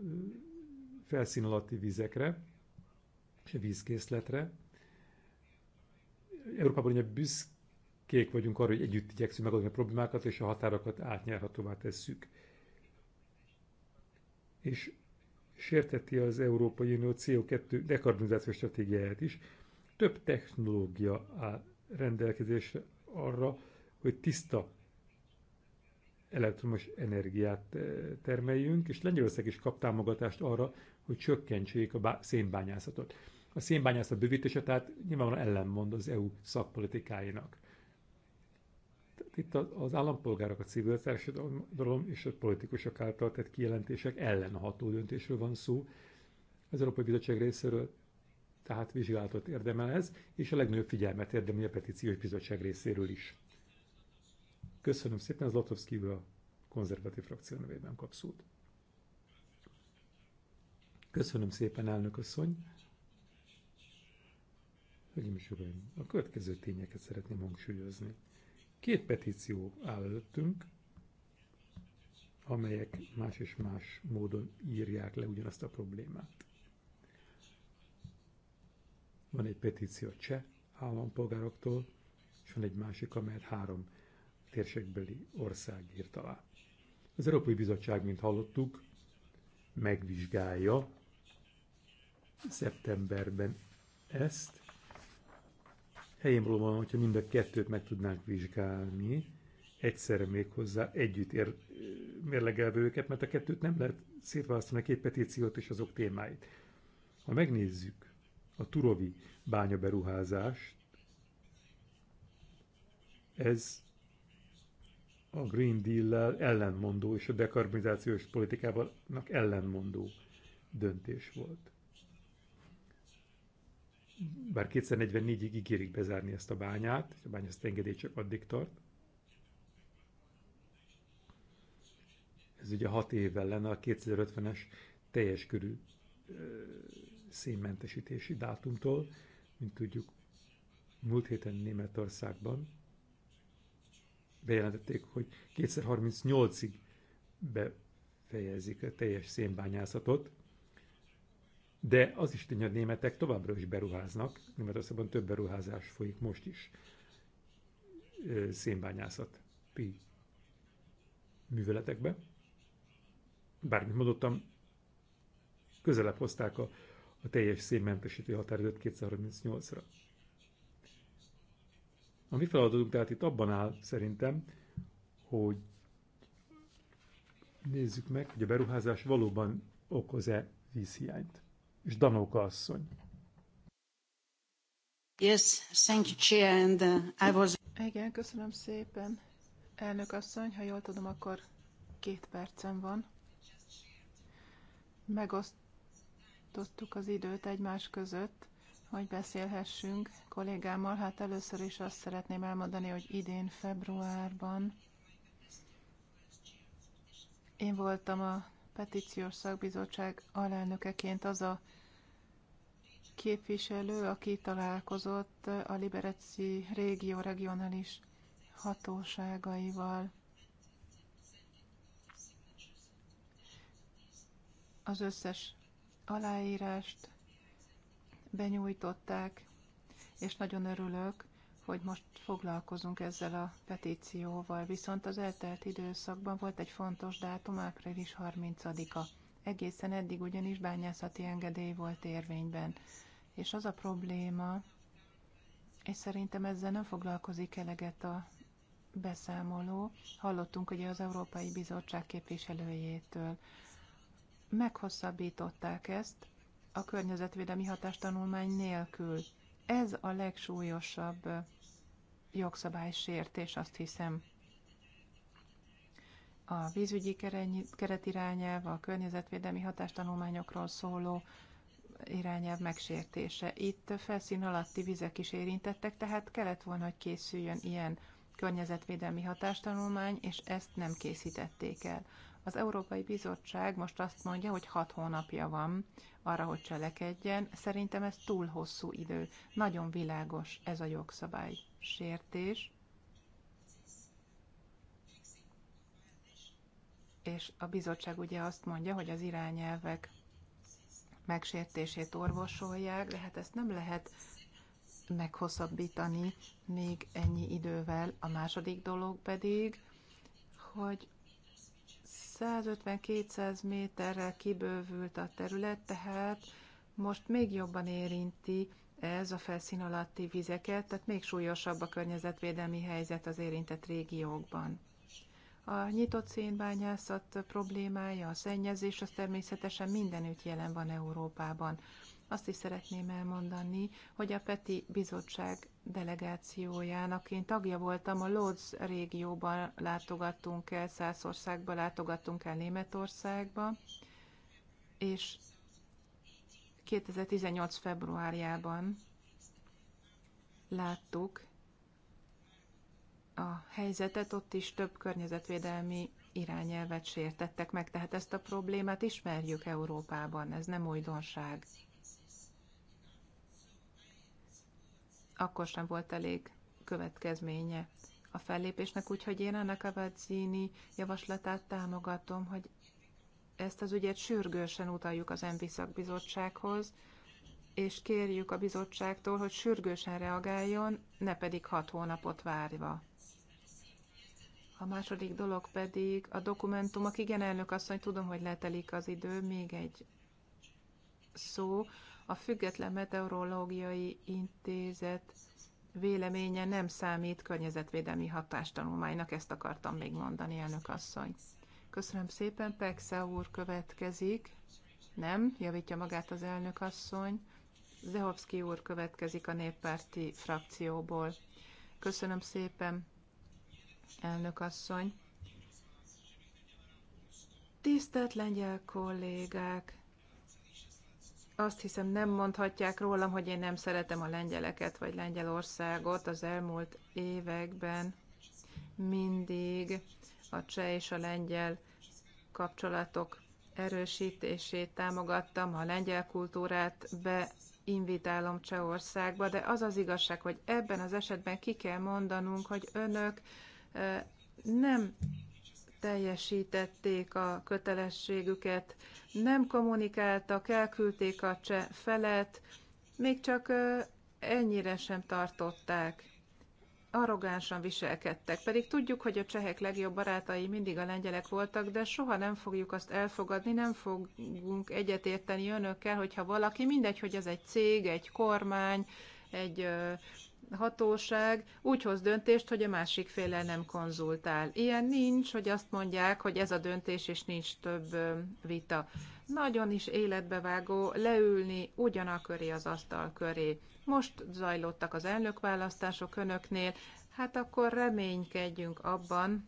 felszín alatti vizekre és a vízkészletre. Európában ugye büszkék vagyunk arra, hogy együtt igyekszünk megoldani a problémákat, és a határokat átnyárhatóvá tesszük. És sérteti az Európai Unió CO2 dekarbonizációs stratégiáját is. Több technológia áll rendelkezésre arra, hogy tiszta elektromos energiát eh, termeljünk, és Lengyelország is kap támogatást arra, hogy csökkentsék a szénbányászatot. A szénbányászat bővítése tehát nyilvánvalóan ellenmond az EU szakpolitikáinak. Itt az állampolgárok, a civil társadalom és a politikusok által tett kijelentések ellenható döntésről van szó. Az Európai Bizottság részéről tehát vizsgálatot érdemel ez, és a legnagyobb figyelmet érdemli a petíciós bizottság részéről is. Köszönöm szépen, az Latovszki a konzervatív frakció nevében kap szót. Köszönöm szépen, elnök asszony. Hölgyeim és uraim, a következő tényeket szeretném hangsúlyozni. Két petíció áll előttünk, amelyek más és más módon írják le ugyanazt a problémát. Van egy petíció a cseh állampolgároktól, és van egy másik, amelyet három térségbeli ország írt alá. Az Európai Bizottság, mint hallottuk, megvizsgálja szeptemberben ezt. Helyén valóban, hogyha mind a kettőt meg tudnánk vizsgálni, egyszerre még hozzá együtt ér, mérlegelve őket, mert a kettőt nem lehet szétválasztani a két petíciót és azok témáit. Ha megnézzük a Turovi bányaberuházást, ez a Green Deal-lel ellenmondó és a dekarbonizációs politikának ellenmondó döntés volt. Bár 2044-ig ígérik bezárni ezt a bányát, a ezt engedély csak addig tart. Ez ugye 6 évvel lenne a 2050-es teljes körű szénmentesítési dátumtól, mint tudjuk, múlt héten Németországban bejelentették, hogy 2038-ig befejezik a teljes szénbányászatot, de az is tény, hogy a németek továbbra is beruháznak, Németországban több beruházás folyik most is szénbányászati műveletekbe. Bármit mondottam, közelebb hozták a, a teljes szénmentesítő határidőt 2038-ra. A mi feladatunk tehát itt abban áll szerintem, hogy nézzük meg, hogy a beruházás valóban okoz-e vízhiányt. És Danóka asszony. Yes, thank you, Chair, and uh, I was... Igen, köszönöm szépen. Elnök asszony, ha jól tudom, akkor két percem van. Megosztottuk az időt egymás között, hogy beszélhessünk kollégámmal. Hát először is azt szeretném elmondani, hogy idén februárban én voltam a petíciós szakbizottság alelnökeként az a képviselő, aki találkozott a Libereci régió regionális hatóságaival. Az összes aláírást benyújtották, és nagyon örülök, hogy most foglalkozunk ezzel a petícióval. Viszont az eltelt időszakban volt egy fontos dátum, április 30-a. Egészen eddig ugyanis bányászati engedély volt érvényben. És az a probléma, és szerintem ezzel nem foglalkozik eleget a beszámoló. Hallottunk ugye az Európai Bizottság képviselőjétől. Meghosszabbították ezt a környezetvédelmi hatástanulmány nélkül. Ez a legsúlyosabb jogszabálysértés, azt hiszem. A vízügyi keretirányelv, a környezetvédelmi hatástanulmányokról szóló irányelv megsértése. Itt felszín alatti vizek is érintettek, tehát kellett volna, hogy készüljön ilyen környezetvédelmi hatástanulmány, és ezt nem készítették el. Az Európai Bizottság most azt mondja, hogy hat hónapja van arra, hogy cselekedjen. Szerintem ez túl hosszú idő. Nagyon világos ez a jogszabály sértés. És a bizottság ugye azt mondja, hogy az irányelvek megsértését orvosolják, de hát ezt nem lehet meghosszabbítani még ennyi idővel. A második dolog pedig, hogy 150-200 méterrel kibővült a terület, tehát most még jobban érinti ez a felszín alatti vizeket, tehát még súlyosabb a környezetvédelmi helyzet az érintett régiókban. A nyitott szénbányászat problémája, a szennyezés, az természetesen mindenütt jelen van Európában. Azt is szeretném elmondani, hogy a PETI bizottság delegációjának én tagja voltam, a Lodz régióban látogattunk el, Szászországba látogattunk el Németországba, és 2018. februárjában láttuk a helyzetet, ott is több környezetvédelmi irányelvet sértettek meg, tehát ezt a problémát ismerjük Európában, ez nem újdonság. akkor sem volt elég következménye a fellépésnek, úgyhogy én a Cavazzini javaslatát támogatom, hogy ezt az ügyet sürgősen utaljuk az MV szakbizottsághoz, és kérjük a bizottságtól, hogy sürgősen reagáljon, ne pedig hat hónapot várva. A második dolog pedig a dokumentumok. Igen, elnök asszony, tudom, hogy letelik az idő, még egy szó. A Független Meteorológiai Intézet véleménye nem számít környezetvédelmi hatástanulmánynak, ezt akartam még mondani, elnök asszony. Köszönöm szépen, Pexa úr következik. Nem, javítja magát az elnök asszony. Zehovszki úr következik a néppárti frakcióból. Köszönöm szépen, elnök asszony. Tisztelt lengyel kollégák! azt hiszem nem mondhatják rólam, hogy én nem szeretem a lengyeleket vagy Lengyelországot az elmúlt években mindig a cseh és a lengyel kapcsolatok erősítését támogattam, a lengyel kultúrát beinvitálom Csehországba, de az az igazság, hogy ebben az esetben ki kell mondanunk, hogy önök nem teljesítették a kötelességüket, nem kommunikáltak, elküldték a cseh felet, még csak ennyire sem tartották. Arrogánsan viselkedtek, pedig tudjuk, hogy a csehek legjobb barátai mindig a lengyelek voltak, de soha nem fogjuk azt elfogadni, nem fogunk egyetérteni önökkel, hogyha valaki, mindegy, hogy ez egy cég, egy kormány, egy hatóság úgy hoz döntést, hogy a másik félel nem konzultál. Ilyen nincs, hogy azt mondják, hogy ez a döntés, és nincs több vita. Nagyon is életbevágó leülni ugyanaköré az asztal köré. Most zajlottak az elnökválasztások önöknél, hát akkor reménykedjünk abban,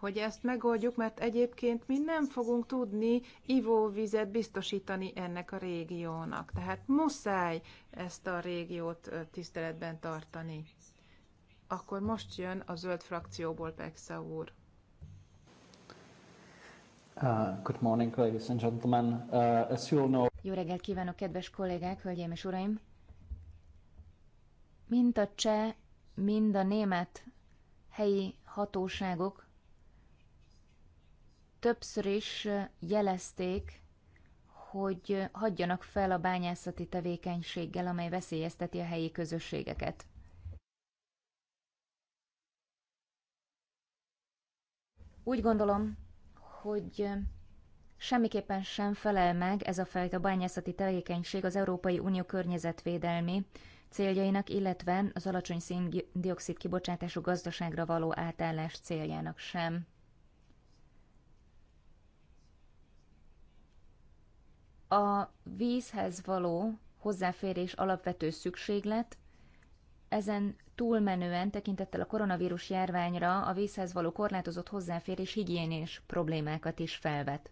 hogy ezt megoldjuk, mert egyébként mi nem fogunk tudni ivóvizet biztosítani ennek a régiónak. Tehát muszáj ezt a régiót tiszteletben tartani. Akkor most jön a zöld frakcióból Pexa úr. Uh, good morning, ladies and gentlemen. Uh, as you all know... Jó reggelt kívánok, kedves kollégák, hölgyeim és uraim! Mint a cseh, mind a német helyi hatóságok többször is jelezték, hogy hagyjanak fel a bányászati tevékenységgel, amely veszélyezteti a helyi közösségeket. Úgy gondolom, hogy semmiképpen sem felel meg ez a fajta bányászati tevékenység az Európai Unió környezetvédelmi céljainak, illetve az alacsony szén-dioxid kibocsátású gazdaságra való átállás céljának sem. A vízhez való hozzáférés alapvető szükséglet, ezen túlmenően tekintettel a koronavírus járványra a vízhez való korlátozott hozzáférés higiénés problémákat is felvet.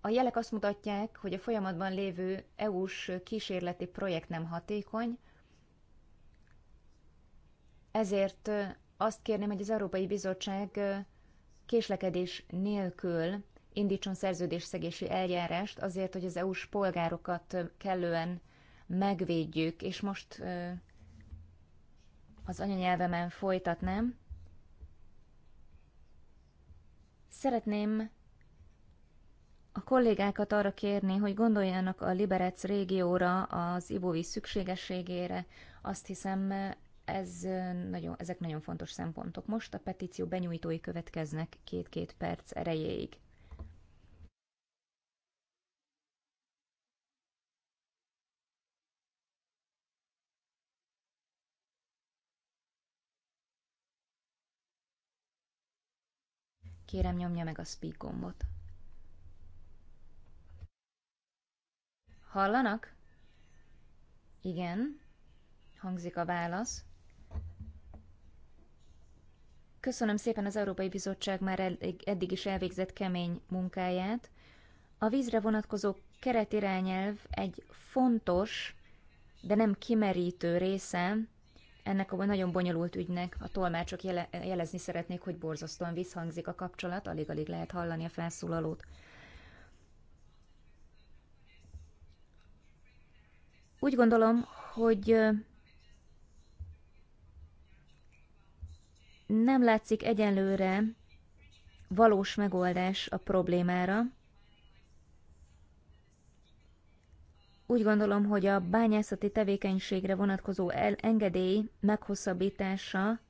A jelek azt mutatják, hogy a folyamatban lévő EU-s kísérleti projekt nem hatékony, ezért azt kérném, hogy az Európai Bizottság késlekedés nélkül indítson szerződésszegési eljárást azért, hogy az EU-s polgárokat kellően megvédjük, és most az anyanyelvemen folytatnám. Szeretném a kollégákat arra kérni, hogy gondoljanak a Liberec régióra, az ivóvíz szükségességére. Azt hiszem, ez nagyon, ezek nagyon fontos szempontok. Most a petíció benyújtói következnek két-két perc erejéig. Kérem, nyomja meg a speak gombot. Hallanak? Igen, hangzik a válasz. Köszönöm szépen az Európai Bizottság már eddig is elvégzett kemény munkáját. A vízre vonatkozó keretirányelv egy fontos, de nem kimerítő része ennek a nagyon bonyolult ügynek a tolmácsok jele, jelezni szeretnék, hogy borzasztóan visszhangzik a kapcsolat, alig-alig lehet hallani a felszólalót. Úgy gondolom, hogy nem látszik egyenlőre valós megoldás a problémára, Úgy gondolom, hogy a bányászati tevékenységre vonatkozó engedély meghosszabbítása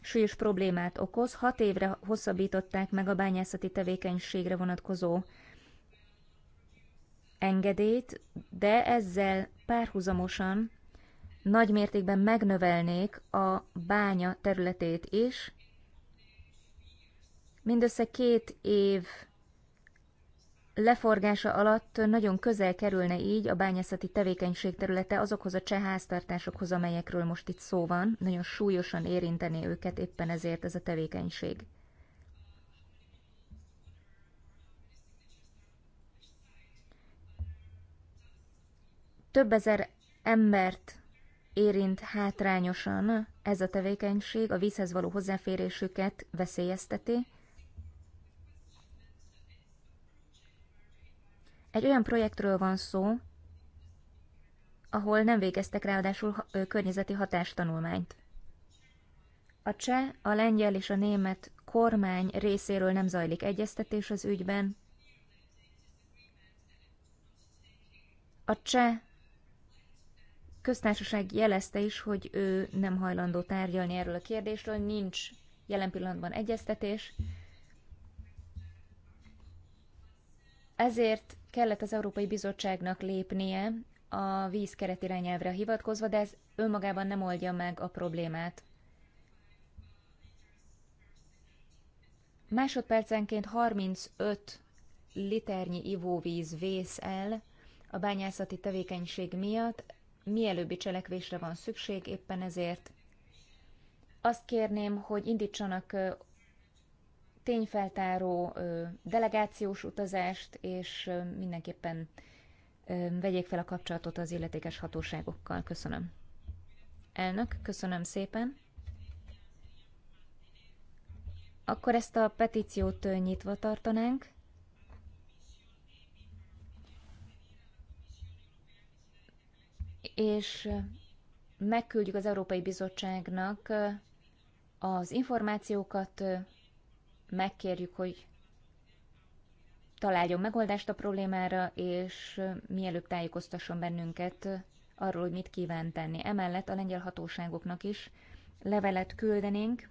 súlyos problémát okoz. Hat évre hosszabbították meg a bányászati tevékenységre vonatkozó engedélyt, de ezzel párhuzamosan nagy mértékben megnövelnék a bánya területét is. Mindössze két év leforgása alatt nagyon közel kerülne így a bányászati tevékenység területe azokhoz a cseh háztartásokhoz, amelyekről most itt szó van, nagyon súlyosan érintené őket éppen ezért ez a tevékenység. Több ezer embert érint hátrányosan ez a tevékenység, a vízhez való hozzáférésüket veszélyezteti, Egy olyan projektről van szó, ahol nem végeztek ráadásul környezeti hatástanulmányt. A cseh, a lengyel és a német kormány részéről nem zajlik egyeztetés az ügyben. A cseh köztársaság jelezte is, hogy ő nem hajlandó tárgyalni erről a kérdésről, nincs jelen pillanatban egyeztetés. Ezért kellett az Európai Bizottságnak lépnie a víz keretirányelvre hivatkozva, de ez önmagában nem oldja meg a problémát. Másodpercenként 35 liternyi ivóvíz vész el a bányászati tevékenység miatt, mielőbbi cselekvésre van szükség, éppen ezért azt kérném, hogy indítsanak tényfeltáró delegációs utazást, és mindenképpen vegyék fel a kapcsolatot az illetékes hatóságokkal. Köszönöm. Elnök, köszönöm szépen. Akkor ezt a petíciót nyitva tartanánk. És megküldjük az Európai Bizottságnak az információkat, megkérjük, hogy találjon megoldást a problémára, és mielőbb tájékoztasson bennünket arról, hogy mit kíván tenni. Emellett a lengyel hatóságoknak is levelet küldenénk,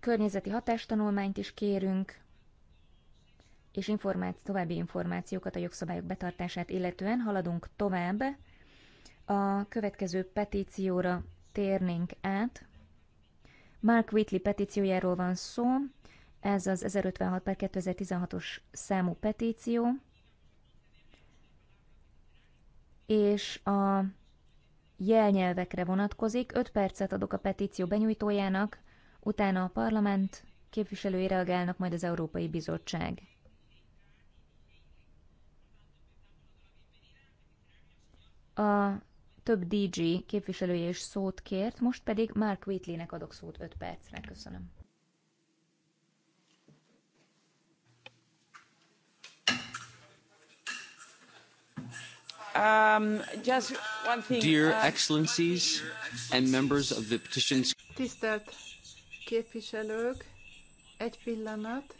környezeti hatástanulmányt is kérünk, és információ, további információkat a jogszabályok betartását illetően haladunk tovább. A következő petícióra térnénk át, Mark Whitley petíciójáról van szó, ez az 1056 per 2016-os számú petíció, és a jelnyelvekre vonatkozik. 5 percet adok a petíció benyújtójának, utána a parlament képviselői reagálnak, majd az Európai Bizottság. A több DG képviselője is szót kért, most pedig Mark Whitley-nek adok szót 5 percre. Köszönöm. Um, just one thing. Dear uh, Excellencies and members of the petitions. Tisztelt képviselők, egy pillanat.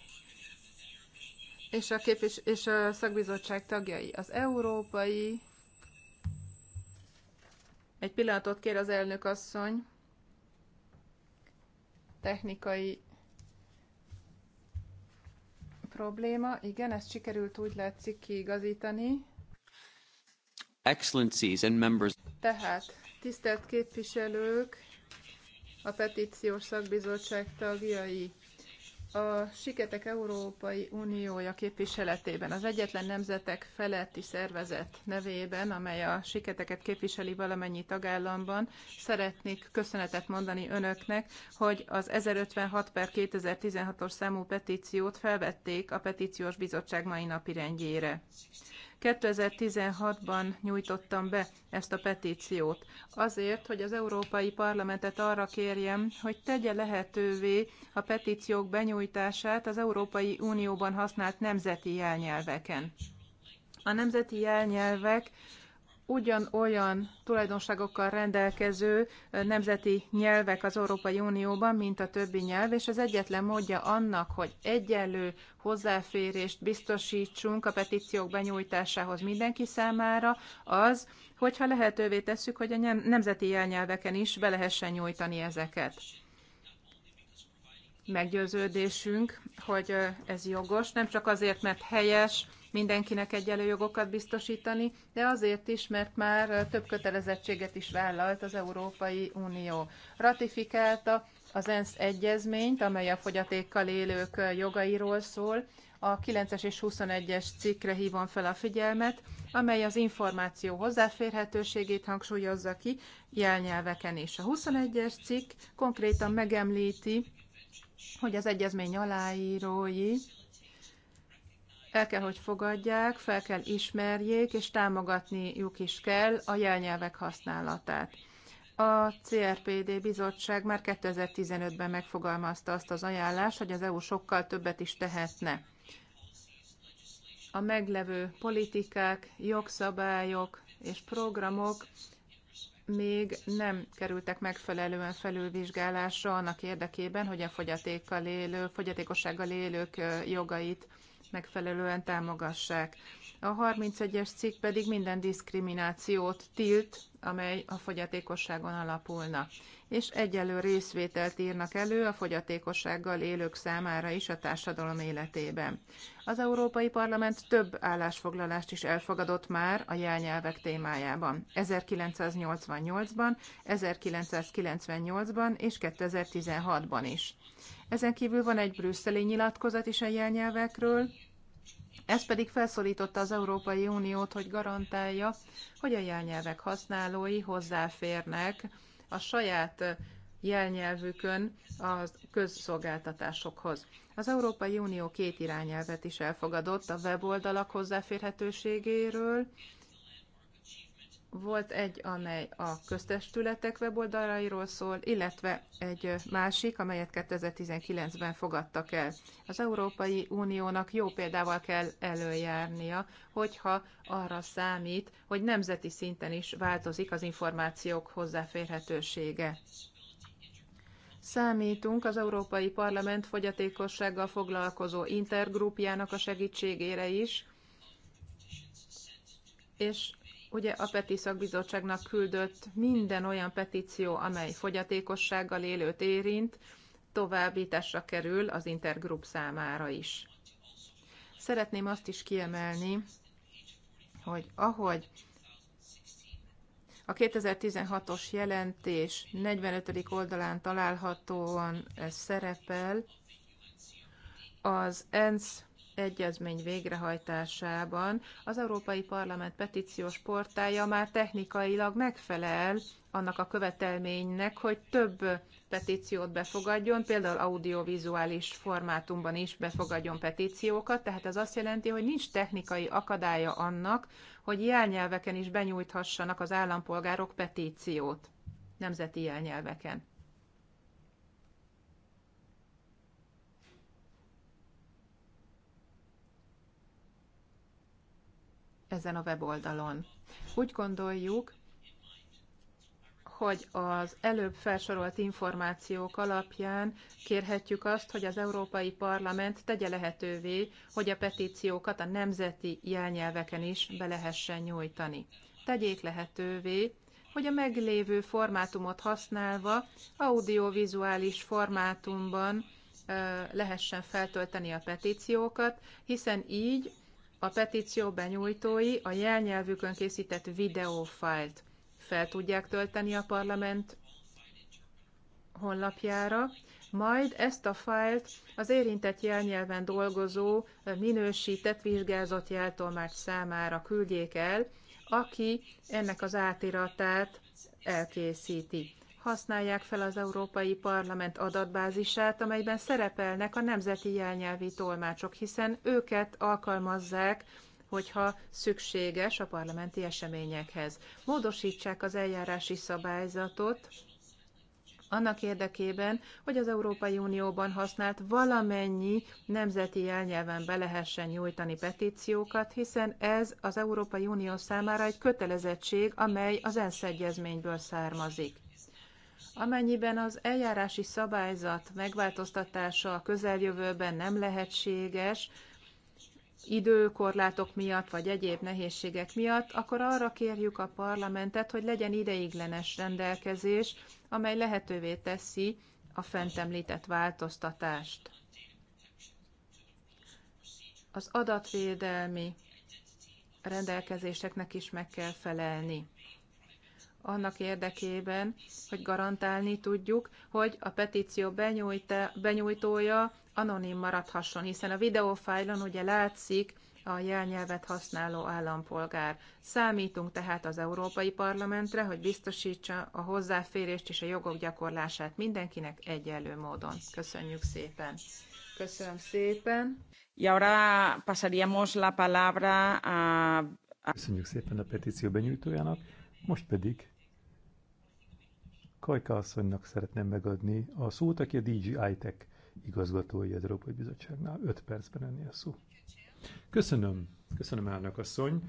És a, képvis- és a szakbizottság tagjai, az európai egy pillanatot kér az elnök asszony. Technikai probléma. Igen, ezt sikerült úgy látszik kiigazítani. Excellencies and members. Tehát, tisztelt képviselők, a petíciós szakbizottság tagjai a Siketek Európai Uniója képviseletében, az egyetlen nemzetek feletti szervezet nevében, amely a Siketeket képviseli valamennyi tagállamban, szeretnék köszönetet mondani önöknek, hogy az 1056 per 2016-os számú petíciót felvették a petíciós bizottság mai napi rendjére. 2016-ban nyújtottam be ezt a petíciót. Azért, hogy az Európai Parlamentet arra kérjem, hogy tegye lehetővé a petíciók benyújtását az Európai Unióban használt nemzeti jelnyelveken. A nemzeti jelnyelvek ugyanolyan tulajdonságokkal rendelkező nemzeti nyelvek az Európai Unióban, mint a többi nyelv, és az egyetlen módja annak, hogy egyenlő hozzáférést biztosítsunk a petíciók benyújtásához mindenki számára, az, hogyha lehetővé tesszük, hogy a nemzeti jelnyelveken is be lehessen nyújtani ezeket meggyőződésünk, hogy ez jogos, nem csak azért, mert helyes, mindenkinek egyenlő jogokat biztosítani, de azért is, mert már több kötelezettséget is vállalt az Európai Unió. Ratifikálta az ENSZ egyezményt, amely a fogyatékkal élők jogairól szól, a 9-es és 21-es cikkre hívom fel a figyelmet, amely az információ hozzáférhetőségét hangsúlyozza ki jelnyelveken is. A 21-es cikk konkrétan megemlíti, hogy az egyezmény aláírói el kell, hogy fogadják, fel kell ismerjék, és támogatniuk is kell a jelnyelvek használatát. A CRPD bizottság már 2015-ben megfogalmazta azt az ajánlást, hogy az EU sokkal többet is tehetne. A meglevő politikák, jogszabályok és programok még nem kerültek megfelelően felülvizsgálásra annak érdekében, hogy a fogyatékkal élő, fogyatékossággal élők jogait megfelelően támogassák. A 31-es cikk pedig minden diszkriminációt tilt, amely a fogyatékosságon alapulna és egyelő részvételt írnak elő a fogyatékossággal élők számára is a társadalom életében. Az Európai Parlament több állásfoglalást is elfogadott már a jelnyelvek témájában. 1988-ban, 1998-ban és 2016-ban is. Ezen kívül van egy brüsszeli nyilatkozat is a jelnyelvekről, ez pedig felszólította az Európai Uniót, hogy garantálja, hogy a jelnyelvek használói hozzáférnek a saját jelnyelvükön a közszolgáltatásokhoz. Az Európai Unió két irányelvet is elfogadott a weboldalak hozzáférhetőségéről, volt egy, amely a köztestületek weboldalairól szól, illetve egy másik, amelyet 2019-ben fogadtak el. Az Európai Uniónak jó példával kell előjárnia, hogyha arra számít, hogy nemzeti szinten is változik az információk hozzáférhetősége. Számítunk az Európai Parlament fogyatékossággal foglalkozó intergrupjának a segítségére is, és Ugye a Peti Szakbizottságnak küldött minden olyan petíció, amely fogyatékossággal élőt érint, továbbításra kerül az Intergroup számára is. Szeretném azt is kiemelni, hogy ahogy a 2016-os jelentés 45. oldalán találhatóan szerepel, az ENSZ egyezmény végrehajtásában az Európai Parlament petíciós portálja már technikailag megfelel annak a követelménynek, hogy több petíciót befogadjon, például audiovizuális formátumban is befogadjon petíciókat, tehát ez azt jelenti, hogy nincs technikai akadálya annak, hogy jelnyelveken is benyújthassanak az állampolgárok petíciót, nemzeti jelnyelveken. ezen a weboldalon. Úgy gondoljuk, hogy az előbb felsorolt információk alapján kérhetjük azt, hogy az Európai Parlament tegye lehetővé, hogy a petíciókat a nemzeti jelnyelveken is be lehessen nyújtani. Tegyék lehetővé, hogy a meglévő formátumot használva audiovizuális formátumban lehessen feltölteni a petíciókat, hiszen így a petíció benyújtói a jelnyelvükön készített videófájlt fel tudják tölteni a parlament honlapjára, majd ezt a fájlt az érintett jelnyelven dolgozó minősített vizsgázott jeltolmács számára küldjék el, aki ennek az átiratát elkészíti használják fel az Európai Parlament adatbázisát, amelyben szerepelnek a nemzeti jelnyelvi tolmácsok, hiszen őket alkalmazzák hogyha szükséges a parlamenti eseményekhez. Módosítsák az eljárási szabályzatot annak érdekében, hogy az Európai Unióban használt valamennyi nemzeti jelnyelven be lehessen nyújtani petíciókat, hiszen ez az Európai Unió számára egy kötelezettség, amely az ENSZ egyezményből származik. Amennyiben az eljárási szabályzat megváltoztatása a közeljövőben nem lehetséges, időkorlátok miatt, vagy egyéb nehézségek miatt, akkor arra kérjük a parlamentet, hogy legyen ideiglenes rendelkezés, amely lehetővé teszi a fent említett változtatást. Az adatvédelmi rendelkezéseknek is meg kell felelni annak érdekében, hogy garantálni tudjuk, hogy a petíció benyújtója anonim maradhasson, hiszen a videófájlon ugye látszik a jelnyelvet használó állampolgár. Számítunk tehát az Európai Parlamentre, hogy biztosítsa a hozzáférést és a jogok gyakorlását mindenkinek egyenlő módon. Köszönjük szépen! Köszönöm szépen! Y ahora pasaríamos la palabra a... Köszönjük szépen a petíció benyújtójának, most pedig Kajka asszonynak szeretném megadni a szót, aki a DJI Tech igazgatói az Európai Bizottságnál. 5 percben ennél a szó. Köszönöm, köszönöm elnök asszony,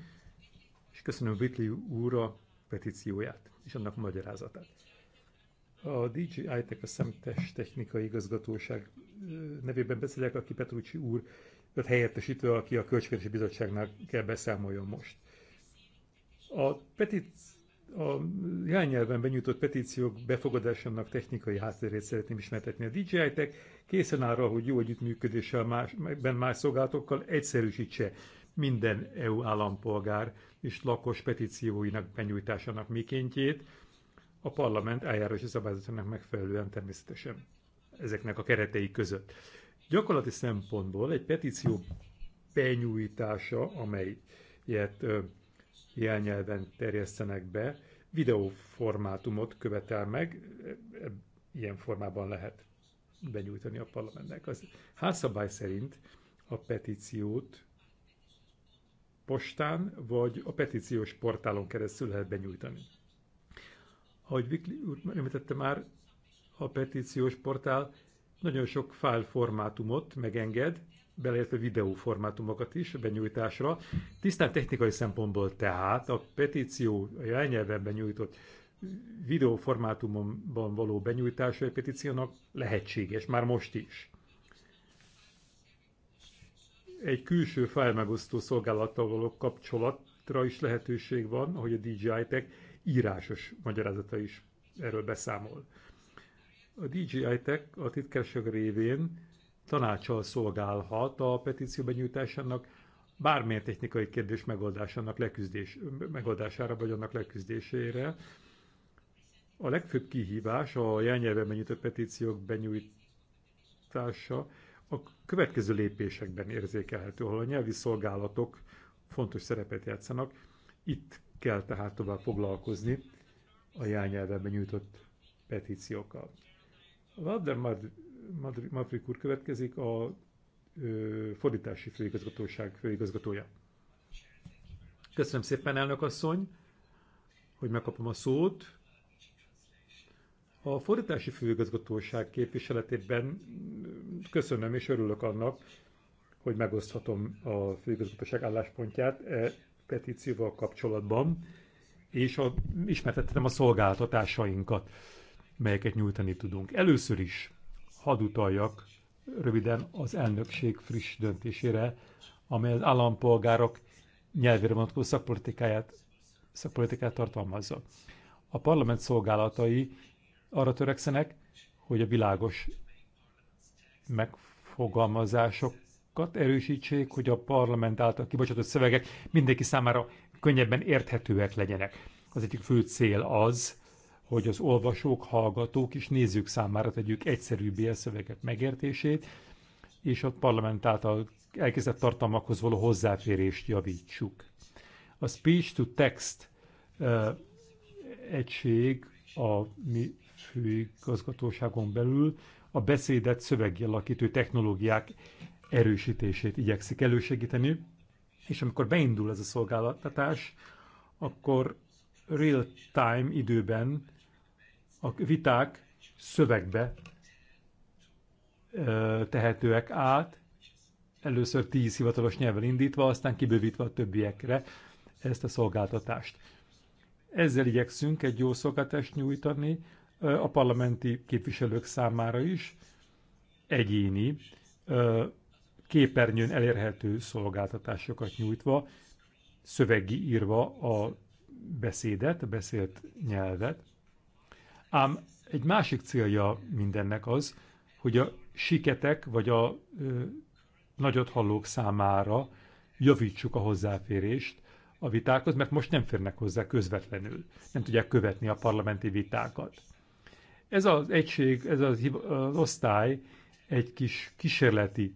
és köszönöm Whitley úr a petícióját és annak magyarázatát. A DJI Tech a Szemtes Technikai Igazgatóság nevében beszélek, aki Petrucci úr öt helyettesítő, aki a Költségvetési Bizottságnál kell beszámoljon most. A petíció a jelnyelven benyújtott petíciók befogadásának technikai hátterét szeretném ismertetni. A DJI Tech készen áll arra, hogy jó együttműködéssel más, más szolgálatokkal egyszerűsítse minden EU állampolgár és lakos petícióinak benyújtásának mikéntjét a parlament eljárási szabályzatának megfelelően természetesen ezeknek a keretei között. Gyakorlati szempontból egy petíció benyújtása, amelyet jelnyelven terjesztenek be, videóformátumot követel meg, e, e, ilyen formában lehet benyújtani a parlamentnek. Az házszabály szerint a petíciót postán vagy a petíciós portálon keresztül lehet benyújtani. Ahogy Vikli úr említette már, a petíciós portál nagyon sok fájl formátumot megenged, beleértve videóformátumokat is benyújtásra. Tisztán technikai szempontból tehát a petíció a elnyelven benyújtott videóformátumban való benyújtása egy petíciónak lehetséges, már most is. Egy külső fájlmegosztó szolgálattal való kapcsolatra is lehetőség van, ahogy a DJI Tech írásos magyarázata is erről beszámol. A DJI Tech a titkárság révén tanácsal szolgálhat a petíció benyújtásának bármilyen technikai kérdés megoldásának leküzdés, megoldására vagy annak leküzdésére. A legfőbb kihívás a jelnyelven benyújtott petíciók benyújtása a következő lépésekben érzékelhető, ahol a nyelvi szolgálatok fontos szerepet játszanak. Itt kell tehát tovább foglalkozni a jelnyelven benyújtott petíciókkal. A Valdemar Mafrik úr következik, a ö, fordítási főigazgatóság főigazgatója. Köszönöm szépen, elnök asszony, hogy megkapom a szót. A fordítási főigazgatóság képviseletében köszönöm és örülök annak, hogy megoszthatom a főigazgatóság álláspontját e petícióval kapcsolatban, és a, ismertettem a szolgáltatásainkat, melyeket nyújtani tudunk. Először is hadd utaljak röviden az elnökség friss döntésére, amely az állampolgárok nyelvére vonatkozó szakpolitikáját, szakpolitikát tartalmazza. A parlament szolgálatai arra törekszenek, hogy a világos megfogalmazásokat erősítsék, hogy a parlament által kibocsátott szövegek mindenki számára könnyebben érthetőek legyenek. Az egyik fő cél az, hogy az olvasók, hallgatók és nézők számára tegyük egyszerűbbé a szövegek megértését, és a parlament által elkezdett tartalmakhoz való hozzáférést javítsuk. A speech-to-text uh, egység a mi főigazgatóságon belül a beszédet szövegjelakítő technológiák erősítését igyekszik elősegíteni, és amikor beindul ez a szolgáltatás, akkor real-time időben a viták szövegbe tehetőek át, először tíz hivatalos nyelven indítva, aztán kibővítve a többiekre ezt a szolgáltatást. Ezzel igyekszünk egy jó szolgáltást nyújtani a parlamenti képviselők számára is, egyéni, képernyőn elérhető szolgáltatásokat nyújtva, szövegi írva a beszédet, a beszélt nyelvet, Ám egy másik célja mindennek az, hogy a siketek vagy a ö, nagyot hallók számára javítsuk a hozzáférést a vitákhoz, mert most nem férnek hozzá közvetlenül, nem tudják követni a parlamenti vitákat. Ez az egység, ez az, az osztály egy kis kísérleti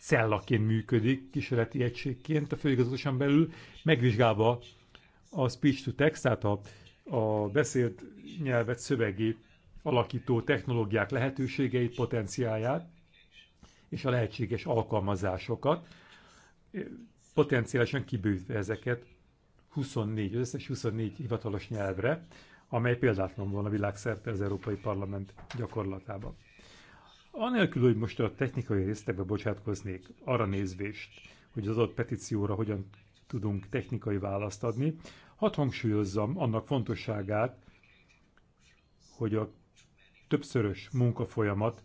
cellaként működik, kísérleti egységként a főigazgatóságon belül, megvizsgálva a speech to text, tehát a a beszélt nyelvet szövegi alakító technológiák lehetőségeit, potenciáját és a lehetséges alkalmazásokat, potenciálisan kibővítve ezeket 24, az összes 24 hivatalos nyelvre, amely példátlan volna világszerte az Európai Parlament gyakorlatában. Anélkül, hogy most a technikai résztekbe bocsátkoznék, arra nézvést, hogy az adott petícióra hogyan tudunk technikai választ adni, Hadd hangsúlyozzam annak fontosságát, hogy a többszörös munkafolyamat,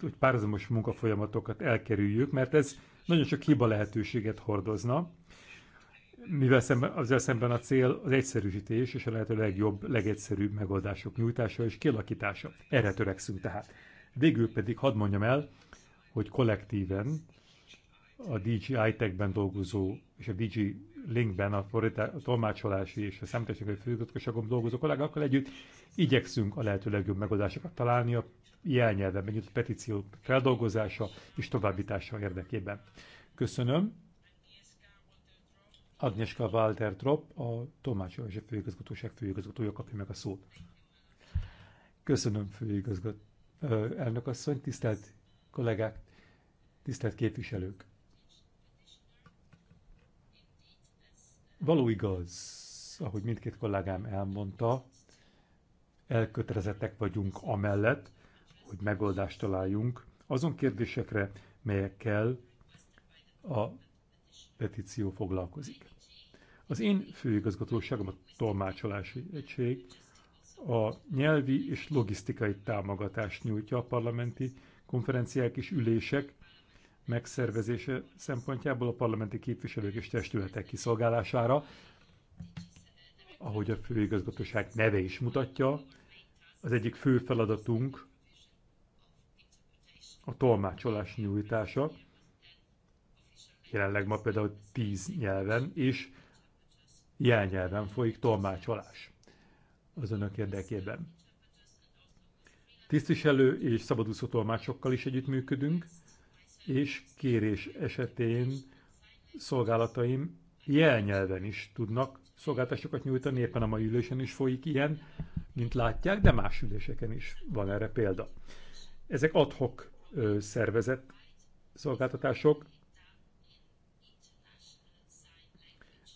hogy párhuzamos munkafolyamatokat elkerüljük, mert ez nagyon sok hiba lehetőséget hordozna, mivel szemben, azzal szemben a cél az egyszerűsítés és a lehető legjobb, legegyszerűbb megoldások nyújtása és kialakítása. Erre törekszünk tehát. Végül pedig hadd mondjam el, hogy kollektíven a DJI Tech-ben dolgozó és a DJI linkben a, fordítá, a tolmácsolási és a számítástechnikai főigazgatóságon dolgozó kollégákkal együtt igyekszünk a lehető legjobb megoldásokat találni a jelnyelven megnyitott petíció feldolgozása és továbbítása érdekében. Köszönöm. Agnieszka Walter Tropp, a Tolmácsolási Főigazgatóság főigazgatója kapja meg a szót. Köszönöm, főigazgató elnök asszony, tisztelt kollégák, tisztelt képviselők. Való igaz, ahogy mindkét kollégám elmondta, elkötelezettek vagyunk amellett, hogy megoldást találjunk azon kérdésekre, melyekkel a petíció foglalkozik. Az én főigazgatóságom a tolmácsolási egység a nyelvi és logisztikai támogatást nyújtja a parlamenti konferenciák és ülések megszervezése szempontjából a parlamenti képviselők és testületek kiszolgálására, ahogy a főigazgatóság neve is mutatja, az egyik fő feladatunk a tolmácsolás nyújtása. Jelenleg ma például tíz nyelven és jelnyelven folyik tolmácsolás az önök érdekében. Tisztviselő és szabadúszó tolmácsokkal is együttműködünk, és kérés esetén szolgálataim jelnyelven is tudnak szolgáltatásokat nyújtani, éppen a mai ülésen is folyik ilyen, mint látják, de más üléseken is van erre példa. Ezek adhok szervezett szolgáltatások,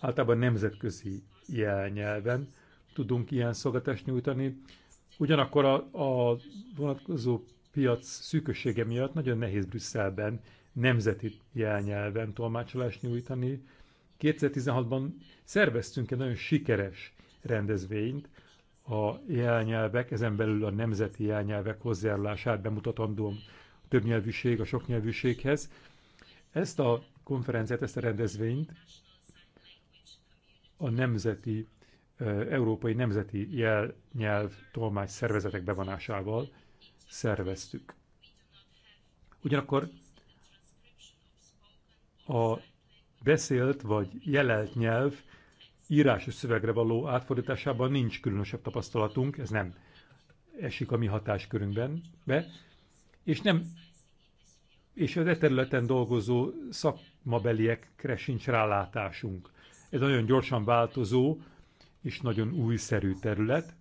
általában nemzetközi jelnyelven tudunk ilyen szolgáltást nyújtani. Ugyanakkor a, a vonatkozó piac szűkössége miatt nagyon nehéz Brüsszelben nemzeti jelnyelven tolmácsolást nyújtani. 2016-ban szerveztünk egy nagyon sikeres rendezvényt, a jelnyelvek, ezen belül a nemzeti jelnyelvek hozzájárulását bemutatandó a többnyelvűség, a soknyelvűséghez. Ezt a konferenciát, ezt a rendezvényt a nemzeti, európai nemzeti jelnyelv tolmács szervezetek bevonásával szerveztük. Ugyanakkor a beszélt vagy jelelt nyelv írásos szövegre való átfordításában nincs különösebb tapasztalatunk, ez nem esik a mi hatáskörünkben be, és nem és az e területen dolgozó szakmabeliekre sincs rálátásunk. Ez nagyon gyorsan változó és nagyon újszerű terület,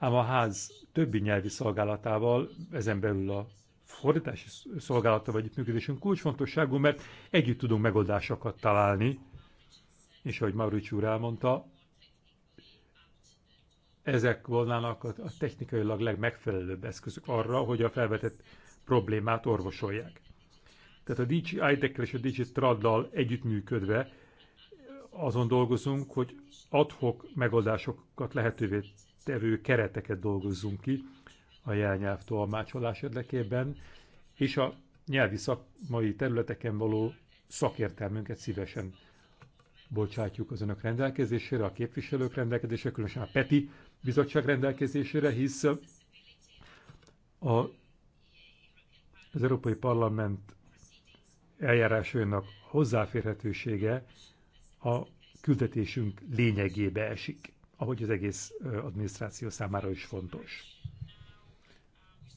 ám a ház többi nyelvi szolgálatával, ezen belül a fordítási szolgálata vagy működésünk kulcsfontosságú, mert együtt tudunk megoldásokat találni, és ahogy Maurics úr elmondta, ezek volnának a technikailag legmegfelelőbb eszközök arra, hogy a felvetett problémát orvosolják. Tehát a DJI Tech-kel és a DJI Traddal együttműködve azon dolgozunk, hogy adhok megoldásokat lehetővé tevő kereteket dolgozzunk ki a jelnyelv tolmácsolás érdekében, és a nyelvi szakmai területeken való szakértelmünket szívesen bocsátjuk az önök rendelkezésére, a képviselők rendelkezésére, különösen a PETI bizottság rendelkezésére, hisz a, az Európai Parlament eljárásainak hozzáférhetősége a küldetésünk lényegébe esik ahogy az egész adminisztráció számára is fontos.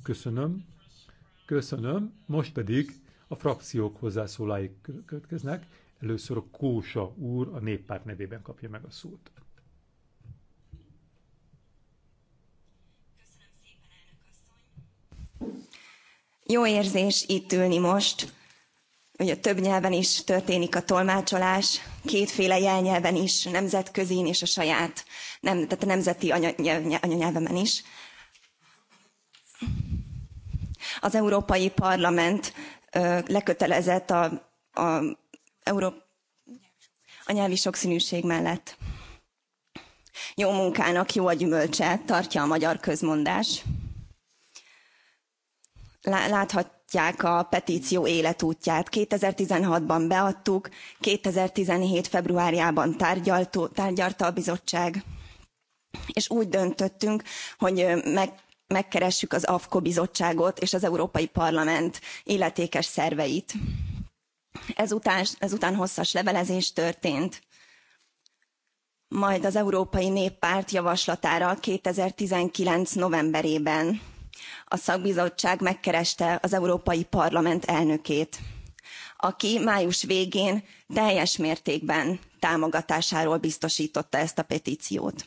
Köszönöm. Köszönöm. Most pedig a frakciók hozzászólái következnek. Először a Kósa úr a néppárt nevében kapja meg a szót. Jó érzés itt ülni most ugye több nyelven is történik a tolmácsolás, kétféle jelnyelven is, nemzetközén és a saját, nem, tehát a nemzeti anyanyelvemen is. Az Európai Parlament ö, lekötelezett a, a, Euró- a nyelvi sokszínűség mellett. Jó munkának jó a gyümölcse, tartja a magyar közmondás. Láthat, támogatják a petíció életútját. 2016-ban beadtuk, 2017. februárjában tárgyaltó, tárgyalta a bizottság, és úgy döntöttünk, hogy meg megkeressük az AFKO bizottságot és az Európai Parlament illetékes szerveit. Ezután, ezután hosszas levelezés történt, majd az Európai Néppárt javaslatára 2019. novemberében a szakbizottság megkereste az Európai Parlament elnökét, aki május végén teljes mértékben támogatásáról biztosította ezt a petíciót.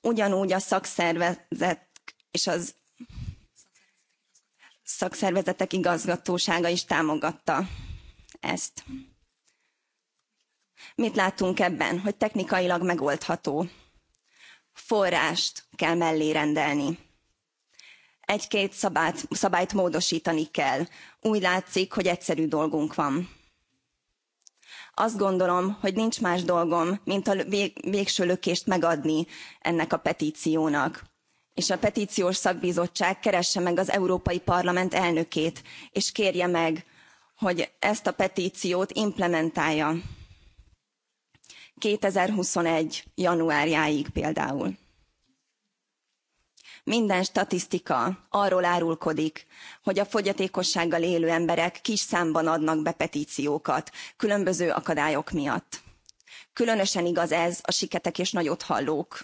Ugyanúgy a szakszervezet és az szakszervezetek igazgatósága is támogatta ezt. Mit látunk ebben? Hogy technikailag megoldható. Forrást kell mellé rendelni egy-két szabályt, szabályt módosítani kell. Úgy látszik, hogy egyszerű dolgunk van. Azt gondolom, hogy nincs más dolgom, mint a vég, végső lökést megadni ennek a petíciónak és a petíciós szakbizottság keresse meg az Európai Parlament elnökét, és kérje meg, hogy ezt a petíciót implementálja. 2021. januárjáig például minden statisztika arról árulkodik hogy a fogyatékossággal élő emberek kis számban adnak be petciókat különböző akadályok miatt. különösen igaz ez a siketek és nagyothallók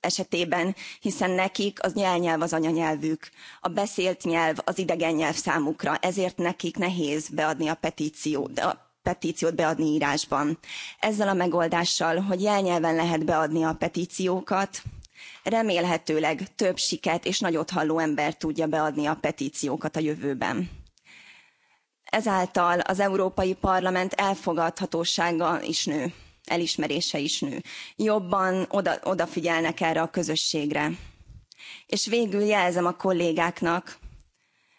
esetében hiszen nekik az jelnyelv az anyanyelvük a beszélt nyelv az idegen nyelv számukra ezért nekik nehéz beadni a petciót a petíciót beadni írásban. Ezzel a megoldással, hogy jelnyelven lehet beadni a petíciókat, remélhetőleg több siket és nagyot halló ember tudja beadni a petciókat a jövőben. ezáltal az európai parlament elfogadhatósága is nő elismerése is nő jobban oda, odafigyelnek erre a közösségre. és végül jelzem a kollégáknak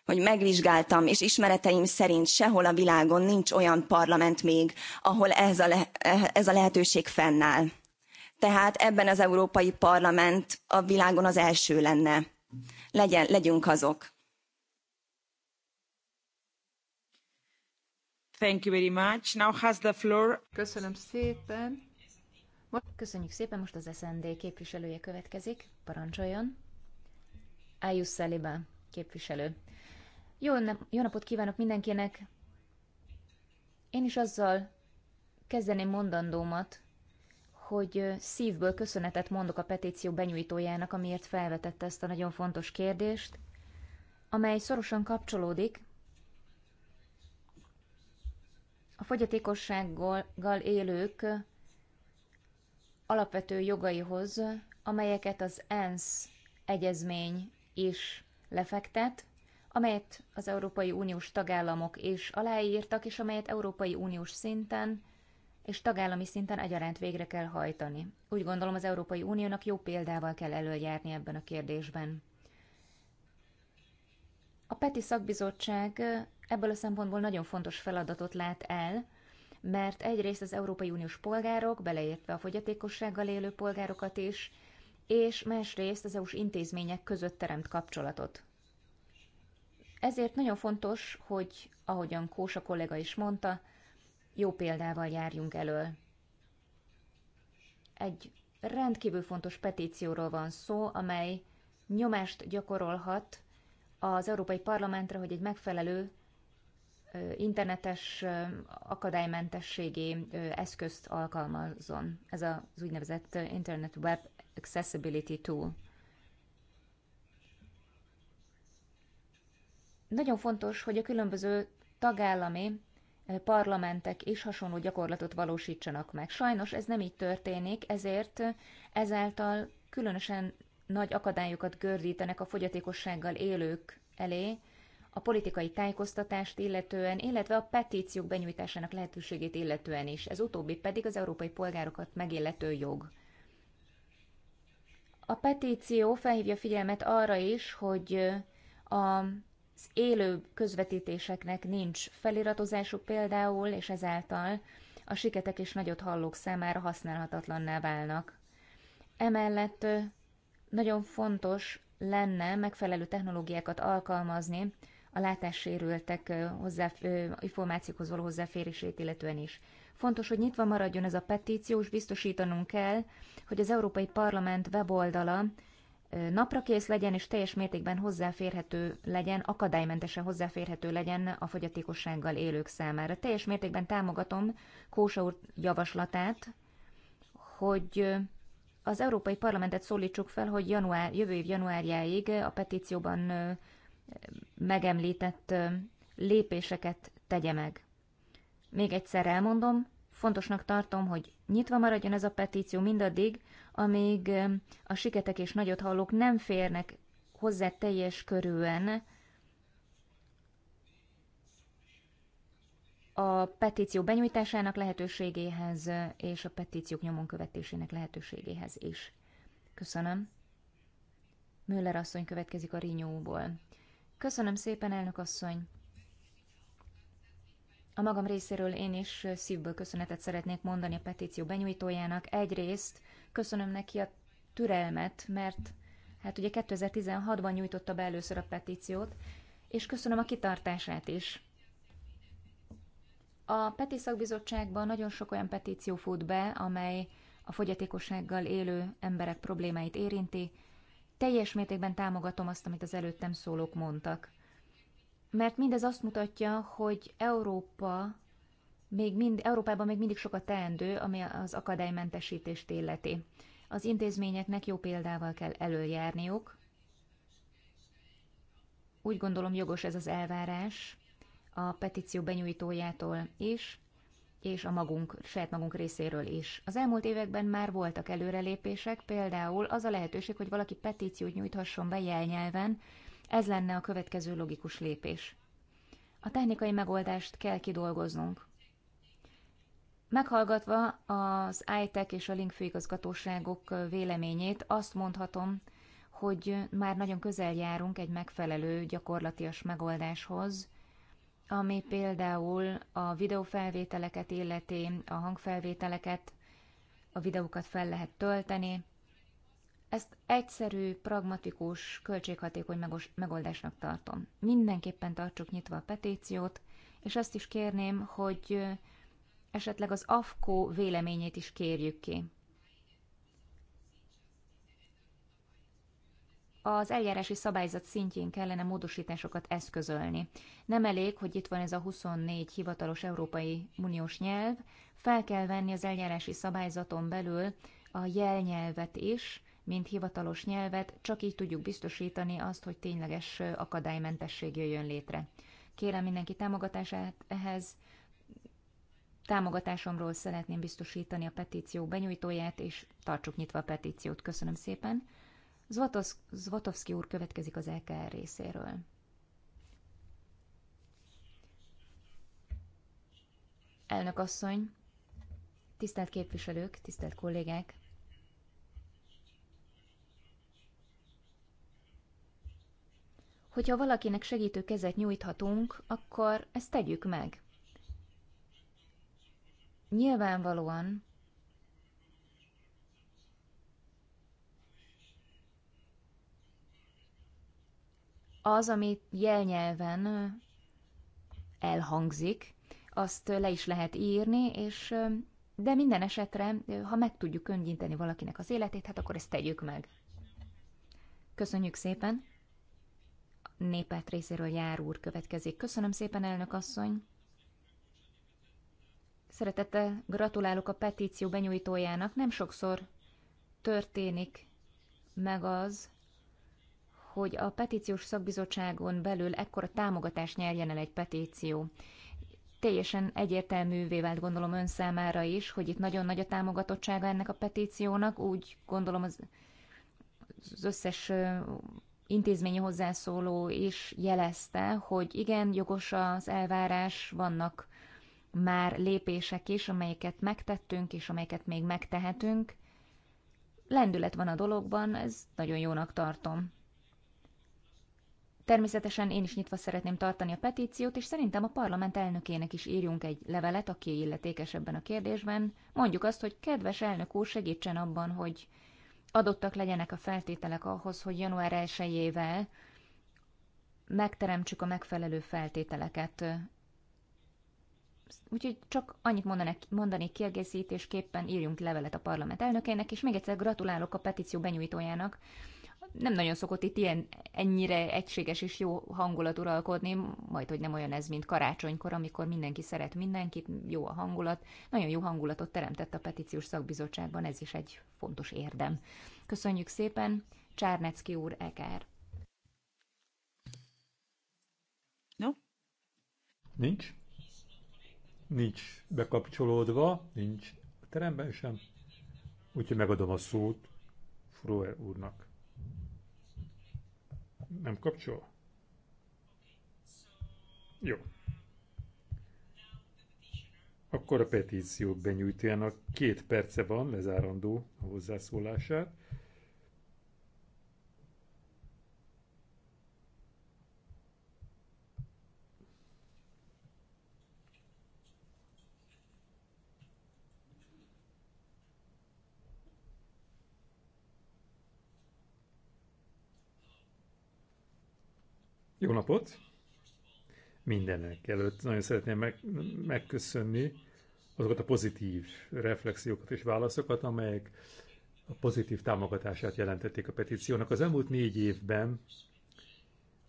hogy megvizsgáltam, és ismereteim szerint sehol a világon nincs olyan parlament még, ahol ez a, le, ez a lehetőség fennáll tehát ebben az európai parlament a világon az első lenne. Legyen, legyünk azok. Thank you very much. Now has the floor. Köszönöm szépen. Köszönjük szépen, most az SND képviselője következik. Parancsoljon. Ayus Saliba, képviselő. Jó, nap, jó napot kívánok mindenkinek! Én is azzal kezdeném mondandómat, hogy szívből köszönetet mondok a petíció benyújtójának, amiért felvetette ezt a nagyon fontos kérdést, amely szorosan kapcsolódik a fogyatékossággal élők alapvető jogaihoz, amelyeket az ENSZ egyezmény is lefektet, amelyet az Európai Uniós tagállamok is aláírtak, és amelyet Európai Uniós szinten és tagállami szinten egyaránt végre kell hajtani. Úgy gondolom az Európai Uniónak jó példával kell előjárni ebben a kérdésben. A PETI szakbizottság ebből a szempontból nagyon fontos feladatot lát el, mert egyrészt az Európai Uniós polgárok, beleértve a fogyatékossággal élő polgárokat is, és másrészt az EU-s intézmények között teremt kapcsolatot. Ezért nagyon fontos, hogy, ahogyan Kósa kollega is mondta, jó példával járjunk elől. Egy rendkívül fontos petícióról van szó, amely nyomást gyakorolhat az Európai Parlamentre, hogy egy megfelelő internetes akadálymentességi eszközt alkalmazzon. Ez az úgynevezett Internet Web Accessibility Tool. Nagyon fontos, hogy a különböző tagállami parlamentek is hasonló gyakorlatot valósítsanak meg. Sajnos ez nem így történik, ezért ezáltal különösen nagy akadályokat gördítenek a fogyatékossággal élők elé, a politikai tájékoztatást illetően, illetve a petíciók benyújtásának lehetőségét illetően is. Ez utóbbi pedig az európai polgárokat megillető jog. A petíció felhívja figyelmet arra is, hogy a az élő közvetítéseknek nincs feliratozásuk például, és ezáltal a siketek és nagyot hallók számára használhatatlanná válnak. Emellett nagyon fontos lenne megfelelő technológiákat alkalmazni a látássérültek hozzáf, információkhoz való hozzáférését illetően is. Fontos, hogy nyitva maradjon ez a petíció, és biztosítanunk kell, hogy az Európai Parlament weboldala naprakész legyen, és teljes mértékben hozzáférhető legyen, akadálymentesen hozzáférhető legyen a fogyatékossággal élők számára. Teljes mértékben támogatom Kósa úr javaslatát, hogy az Európai Parlamentet szólítsuk fel, hogy január, jövő év januárjáig a petícióban megemlített lépéseket tegye meg. Még egyszer elmondom, Fontosnak tartom, hogy nyitva maradjon ez a petíció mindaddig, amíg a siketek és nagyot hallók nem férnek hozzá teljes körülön a petíció benyújtásának lehetőségéhez eh, és a petíciók nyomon követésének lehetőségéhez is. Köszönöm. Müller asszony következik a Rinyóból. Köszönöm szépen, elnök asszony. A magam részéről én is szívből köszönetet szeretnék mondani a petíció benyújtójának. Egyrészt köszönöm neki a türelmet, mert hát ugye 2016-ban nyújtotta be először a petíciót, és köszönöm a kitartását is. A Peti Szakbizottságban nagyon sok olyan petíció fut be, amely a fogyatékossággal élő emberek problémáit érinti. Teljes mértékben támogatom azt, amit az előttem szólók mondtak mert mindez azt mutatja, hogy Európa még mind, Európában még mindig sok a teendő, ami az akadálymentesítést illeti. Az intézményeknek jó példával kell előjárniuk. Úgy gondolom jogos ez az elvárás a petíció benyújtójától is, és a magunk, saját magunk részéről is. Az elmúlt években már voltak előrelépések, például az a lehetőség, hogy valaki petíciót nyújthasson be jelnyelven, ez lenne a következő logikus lépés. A technikai megoldást kell kidolgoznunk. Meghallgatva az ITEC és a Link főigazgatóságok véleményét, azt mondhatom, hogy már nagyon közel járunk egy megfelelő gyakorlatias megoldáshoz, ami például a videófelvételeket illeti, a hangfelvételeket, a videókat fel lehet tölteni, ezt egyszerű, pragmatikus, költséghatékony megoldásnak tartom. Mindenképpen tartsuk nyitva a petíciót, és azt is kérném, hogy esetleg az AFKO véleményét is kérjük ki. az eljárási szabályzat szintjén kellene módosításokat eszközölni. Nem elég, hogy itt van ez a 24 hivatalos Európai Uniós nyelv, fel kell venni az eljárási szabályzaton belül a jelnyelvet is, mint hivatalos nyelvet, csak így tudjuk biztosítani azt, hogy tényleges akadálymentesség jöjjön létre. Kérem mindenki támogatását ehhez. Támogatásomról szeretném biztosítani a petíció benyújtóját, és tartsuk nyitva a petíciót. Köszönöm szépen. Zvatovszki úr következik az LKR részéről. Elnök asszony, tisztelt képviselők, tisztelt kollégák! hogyha valakinek segítő kezet nyújthatunk, akkor ezt tegyük meg. Nyilvánvalóan az, ami jelnyelven elhangzik, azt le is lehet írni, és de minden esetre, ha meg tudjuk könnyíteni valakinek az életét, hát akkor ezt tegyük meg. Köszönjük szépen! népet részéről jár úr következik. Köszönöm szépen, elnök asszony! Szeretettel gratulálok a petíció benyújtójának. Nem sokszor történik meg az, hogy a petíciós szakbizottságon belül ekkora támogatást nyerjen el egy petíció. Teljesen egyértelművé vált gondolom ön számára is, hogy itt nagyon nagy a támogatottsága ennek a petíciónak, úgy gondolom az, az összes intézményi hozzászóló is jelezte, hogy igen, jogos az elvárás, vannak már lépések is, amelyeket megtettünk, és amelyeket még megtehetünk. Lendület van a dologban, ez nagyon jónak tartom. Természetesen én is nyitva szeretném tartani a petíciót, és szerintem a parlament elnökének is írjunk egy levelet, aki illetékes ebben a kérdésben. Mondjuk azt, hogy kedves elnök úr, segítsen abban, hogy adottak legyenek a feltételek ahhoz, hogy január 1-ével megteremtsük a megfelelő feltételeket. Úgyhogy csak annyit mondanék, mondanék kiegészítésképpen, írjunk levelet a parlament elnökének, és még egyszer gratulálok a petíció benyújtójának, nem nagyon szokott itt ilyen, ennyire egységes és jó hangulat uralkodni, majd hogy nem olyan ez, mint karácsonykor, amikor mindenki szeret mindenkit, jó a hangulat. Nagyon jó hangulatot teremtett a petíciós szakbizottságban, ez is egy fontos érdem. Köszönjük szépen, Csárnecki úr, Eger. No? Nincs? Nincs bekapcsolódva, nincs a teremben sem. Úgyhogy megadom a szót Froer úrnak. Nem kapcsol? Jó. Akkor a petíciót benyújtjának két perce van, lezárandó a hozzászólását. Jó napot! Mindenek előtt nagyon szeretném meg, megköszönni azokat a pozitív reflexiókat és válaszokat, amelyek a pozitív támogatását jelentették a petíciónak. Az elmúlt négy évben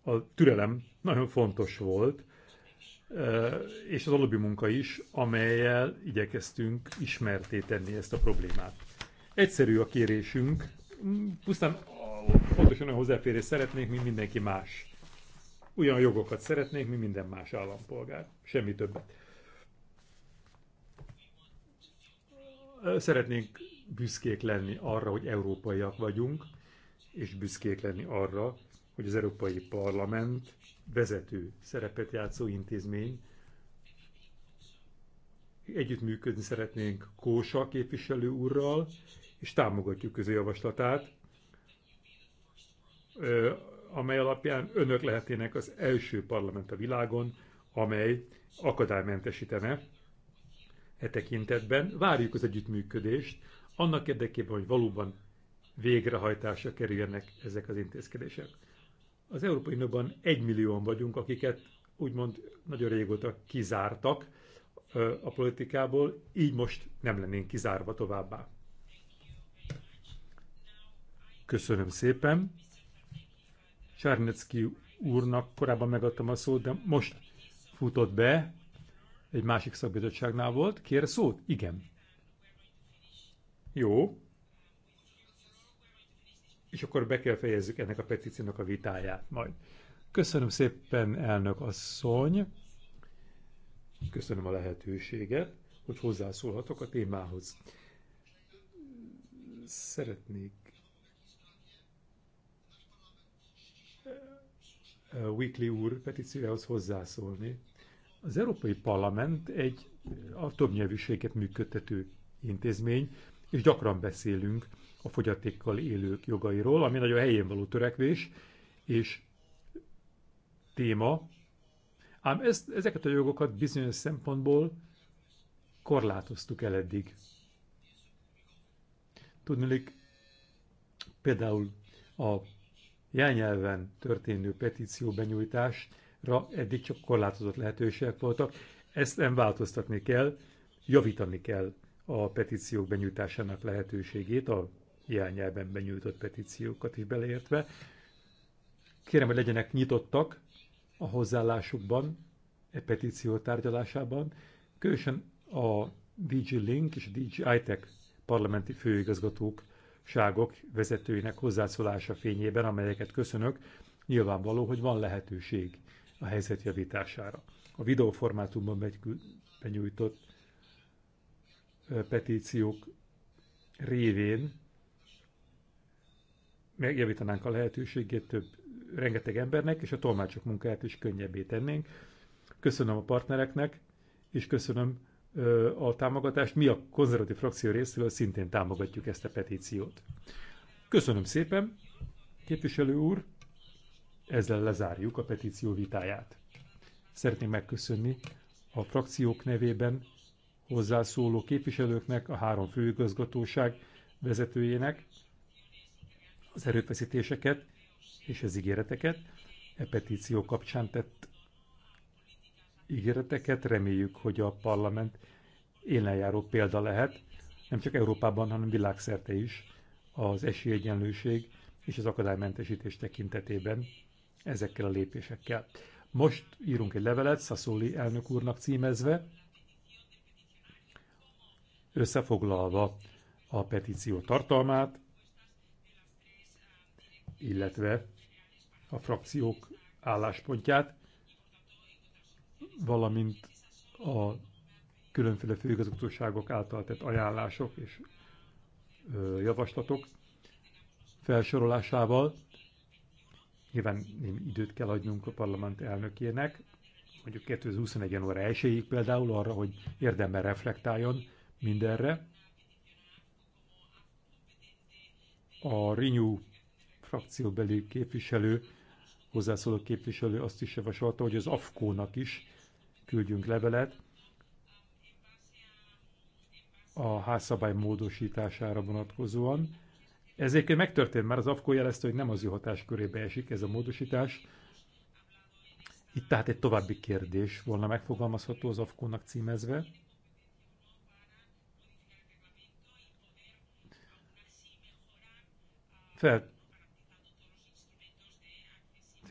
a türelem nagyon fontos volt, és az alubi munka is, amelyel igyekeztünk ismerté tenni ezt a problémát. Egyszerű a kérésünk, pusztán pontosan olyan hozzáférés szeretnénk, mint mindenki más. Ugyan jogokat szeretnénk, mint minden más állampolgár. Semmi többet. Szeretnénk büszkék lenni arra, hogy európaiak vagyunk, és büszkék lenni arra, hogy az Európai Parlament vezető szerepet játszó intézmény. Együttműködni szeretnénk Kósa képviselő úrral, és támogatjuk az javaslatát amely alapján önök lehetnének az első parlament a világon, amely akadálymentesítene e tekintetben. Várjuk az együttműködést, annak érdekében, hogy valóban végrehajtásra kerüljenek ezek az intézkedések. Az Európai Unióban egy millióan vagyunk, akiket úgymond nagyon régóta kizártak a politikából, így most nem lennénk kizárva továbbá. Köszönöm szépen. Sárnecki úrnak korábban megadtam a szót, de most futott be, egy másik szakbizottságnál volt. Kér szót? Igen. Jó. És akkor be kell fejezzük ennek a petíciónak a vitáját majd. Köszönöm szépen, elnök asszony. Köszönöm a lehetőséget, hogy hozzászólhatok a témához. Szeretnék Weekly úr petíciójához hozzászólni. Az Európai Parlament egy a többnyelvűséget működtető intézmény, és gyakran beszélünk a fogyatékkal élők jogairól, ami nagyon helyén való törekvés, és téma, ám ezt, ezeket a jogokat bizonyos szempontból korlátoztuk el eddig. Tudnélik, például a jelnyelven történő petíció benyújtásra eddig csak korlátozott lehetőségek voltak. Ezt nem változtatni kell, javítani kell a petíciók benyújtásának lehetőségét, a jelnyelven benyújtott petíciókat is beleértve. Kérem, hogy legyenek nyitottak a hozzáállásukban, e petíció tárgyalásában, különösen a DG Link és a DG ITEC parlamenti főigazgatók ságok vezetőinek hozzászólása fényében, amelyeket köszönök, nyilvánvaló, hogy van lehetőség a helyzet javítására. A videóformátumban benyújtott petíciók révén megjavítanánk a lehetőségét több rengeteg embernek, és a tolmácsok munkáját is könnyebbé tennénk. Köszönöm a partnereknek, és köszönöm a támogatást. Mi a konzervatív frakció részéről szintén támogatjuk ezt a petíciót. Köszönöm szépen, képviselő úr, ezzel lezárjuk a petíció vitáját. Szeretném megköszönni a frakciók nevében hozzászóló képviselőknek, a három főigazgatóság vezetőjének az erőfeszítéseket és az ígéreteket e petíció kapcsán tett ígéreteket. Reméljük, hogy a parlament élenjáró példa lehet, nem csak Európában, hanem világszerte is az esélyegyenlőség és az akadálymentesítés tekintetében ezekkel a lépésekkel. Most írunk egy levelet Szaszóli elnök úrnak címezve, összefoglalva a petíció tartalmát, illetve a frakciók álláspontját, valamint a különféle főigazgatóságok által tett ajánlások és javaslatok felsorolásával. Nyilván nem időt kell adnunk a parlament elnökének, mondjuk 2021. január 1 például arra, hogy érdemben reflektáljon mindenre. A Renew frakcióbeli képviselő, hozzászóló képviselő azt is javasolta, hogy az AFKÓ-nak is küldjünk levelet a házszabály módosítására vonatkozóan. Ez egyébként megtörtént, már az AFKO jelezte, hogy nem az ő hatáskörébe esik ez a módosítás. Itt tehát egy további kérdés volna megfogalmazható az AFKO-nak címezve. Fel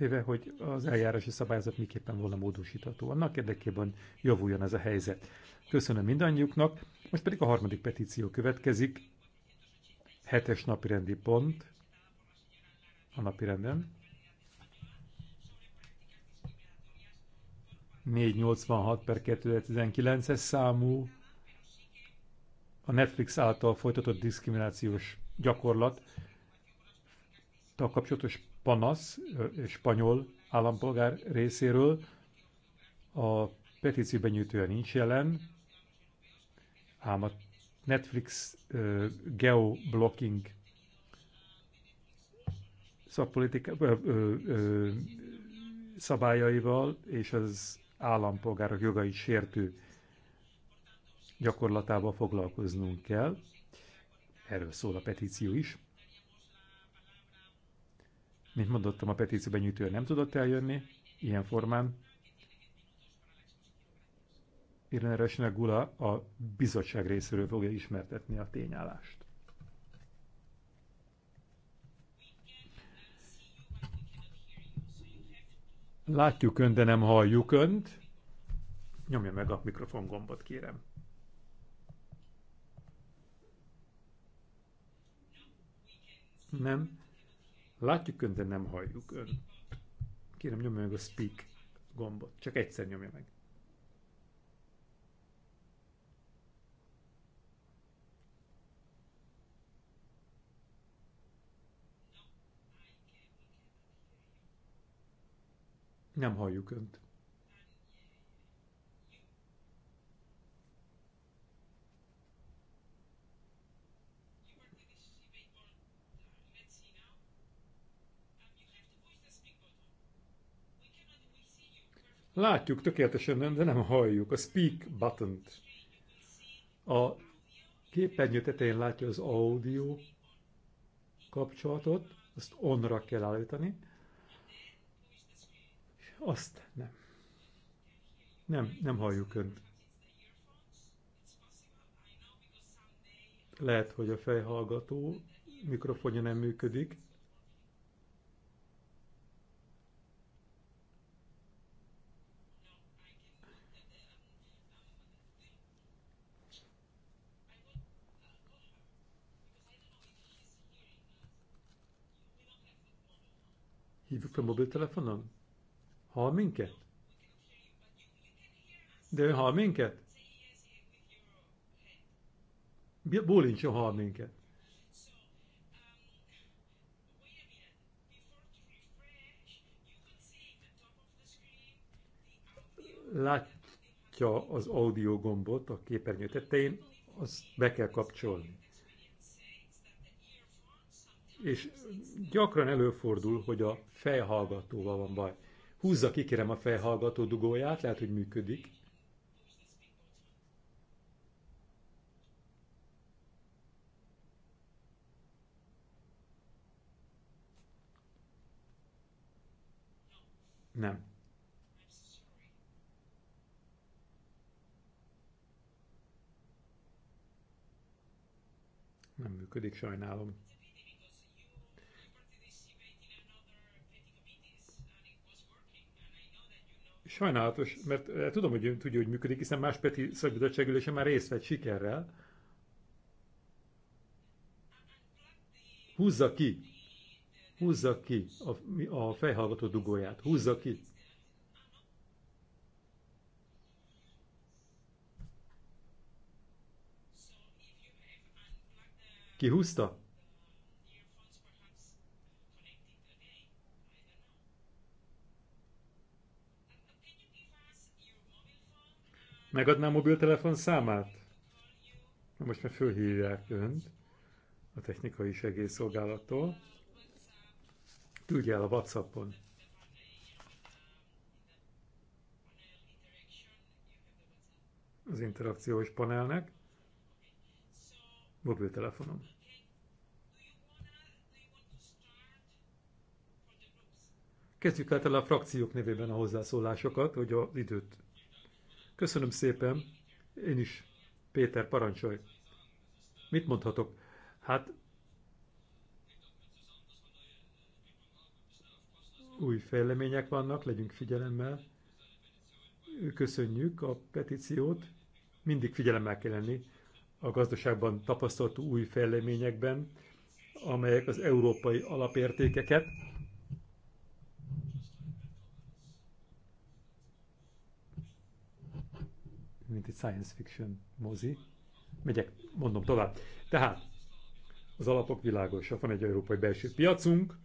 téve, hogy az eljárási szabályzat miképpen volna módosítható. Annak érdekében javuljon ez a helyzet. Köszönöm mindannyiuknak, most pedig a harmadik petíció következik. Hetes napirendi pont a napirenden. 486 per 2019-es számú a Netflix által folytatott diszkriminációs gyakorlat a kapcsolatos panasz spanyol állampolgár részéről. A petíció benyújtója nincs jelen, ám a Netflix uh, geoblocking szakpolitika, uh, uh, uh, szabályaival és az állampolgárok jogai sértő gyakorlatával foglalkoznunk kell. Erről szól a petíció is. Mint mondottam, a petíció benyújtője nem tudott eljönni ilyen formán. Irene Resne Gula a bizottság részéről fogja ismertetni a tényállást. Látjuk önt, de nem halljuk önt. Nyomja meg a mikrofon gombot, kérem. Nem? Látjuk ön, de nem halljuk ön. Kérem, nyomja meg a speak gombot. Csak egyszer nyomja meg. Nem halljuk önt. Látjuk tökéletesen, de nem halljuk a speak button-t. A képernyő tetején látja az audio kapcsolatot, azt onra kell állítani, és azt nem. Nem, nem halljuk önt. Lehet, hogy a fejhallgató mikrofonja nem működik, fl mobiltelefonon? Hall minket? De ő hall minket? ha hall minket. Látja az audio gombot a képernyő tetején, azt be kell kapcsolni és gyakran előfordul, hogy a fejhallgatóval van baj. Húzza ki, kérem, a fejhallgató dugóját, lehet, hogy működik. Nem. Nem működik, sajnálom. Sajnálatos, mert eh, tudom, hogy ő tudja, hogy működik, hiszen más Peti szakbizottságülése már részt vett sikerrel. Húzza ki! Húzza ki a, a fejhallgató dugóját. Húzza ki! Kihúzta? Megadná a mobiltelefon számát? Na most már fölhívják önt a technikai segélyszolgálattól. Küldje el a Whatsappon. Az interakciós panelnek. Mobiltelefonom. Kezdjük át el a frakciók nevében a hozzászólásokat, hogy az időt Köszönöm szépen. Én is. Péter, parancsolj. Mit mondhatok? Hát új fejlemények vannak, legyünk figyelemmel. Köszönjük a petíciót. Mindig figyelemmel kell lenni a gazdaságban tapasztalt új fejleményekben, amelyek az európai alapértékeket mint egy science fiction mozi. Megyek, mondom tovább. Tehát az alapok világosak, van egy európai belső piacunk,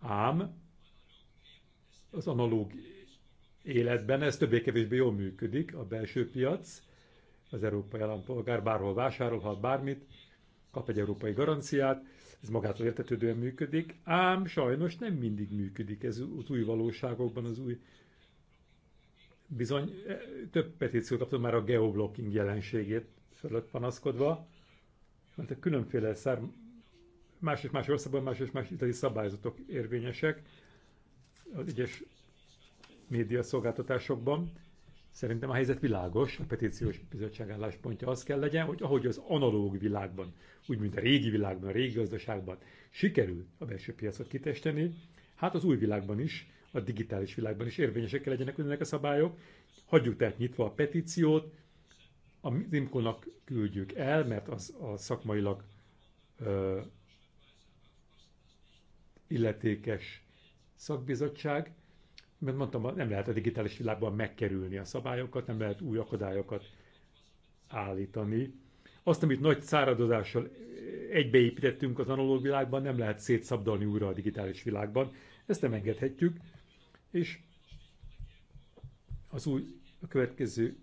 ám az analóg életben ez többé-kevésbé jól működik, a belső piac, az európai állampolgár bárhol vásárolhat bármit, kap egy európai garanciát, ez magától értetődően működik, ám sajnos nem mindig működik ez az új valóságokban, az új Bizony e, több petíciót kaptam már a geoblocking jelenségét fölött panaszkodva, mert a különféle szár, más és más országban más és más itali szabályzatok érvényesek az egyes média szolgáltatásokban. Szerintem a helyzet világos, a petíciós bizottság álláspontja az kell legyen, hogy ahogy az analóg világban, úgy mint a régi világban, a régi gazdaságban sikerül a belső piacot kitesteni, hát az új világban is a digitális világban is érvényesek kell legyenek ennek a szabályok. Hagyjuk tehát nyitva a petíciót, a Imkónak küldjük el, mert az a szakmailag ö, illetékes szakbizottság, mert mondtam, nem lehet a digitális világban megkerülni a szabályokat, nem lehet új akadályokat állítani. Azt, amit nagy száradozással egybeépítettünk az analóg világban, nem lehet szétszabdalni újra a digitális világban. Ezt nem engedhetjük és az új a következő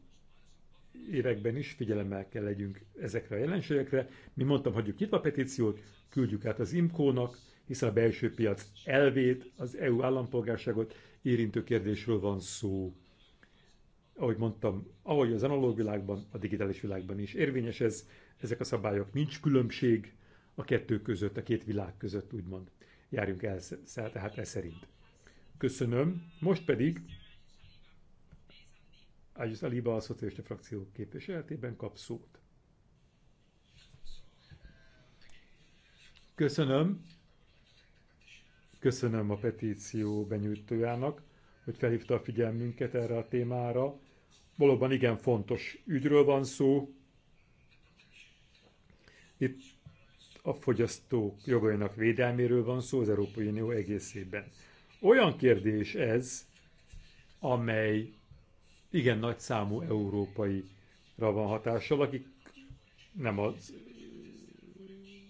években is figyelemmel kell legyünk ezekre a jelenségekre. Mi mondtam, hagyjuk nyitva a petíciót, küldjük át az IMCO-nak, hiszen a belső piac elvét, az EU állampolgárságot érintő kérdésről van szó. Ahogy mondtam, ahogy az analóg világban, a digitális világban is érvényes ez, ezek a szabályok, nincs különbség a kettő között, a két világ között, úgymond. Járjunk el, tehát e szerint. Köszönöm. Most pedig Ágyus Aliba a szocialista frakció képviseletében kap szót. Köszönöm. Köszönöm a petíció benyújtójának, hogy felhívta a figyelmünket erre a témára. Valóban igen fontos ügyről van szó. Itt a fogyasztók jogainak védelméről van szó az Európai Unió egészében. Olyan kérdés ez, amely igen nagy számú európaira van hatással, akik nem az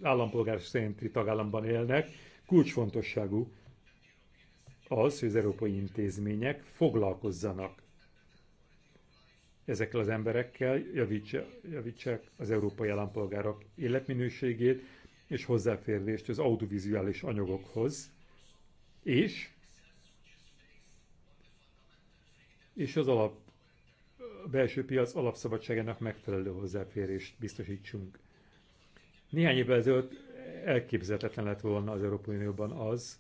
állampolgár szerinti tagállamban élnek, kulcsfontosságú az, hogy az európai intézmények foglalkozzanak ezekkel az emberekkel, javítsák az európai állampolgárok életminőségét és hozzáférést az audiovizuális anyagokhoz, és és az alap a belső piac alapszabadságának megfelelő hozzáférést biztosítsunk. Néhány évvel ezelőtt elképzelhetetlen lett volna az Európai Unióban az,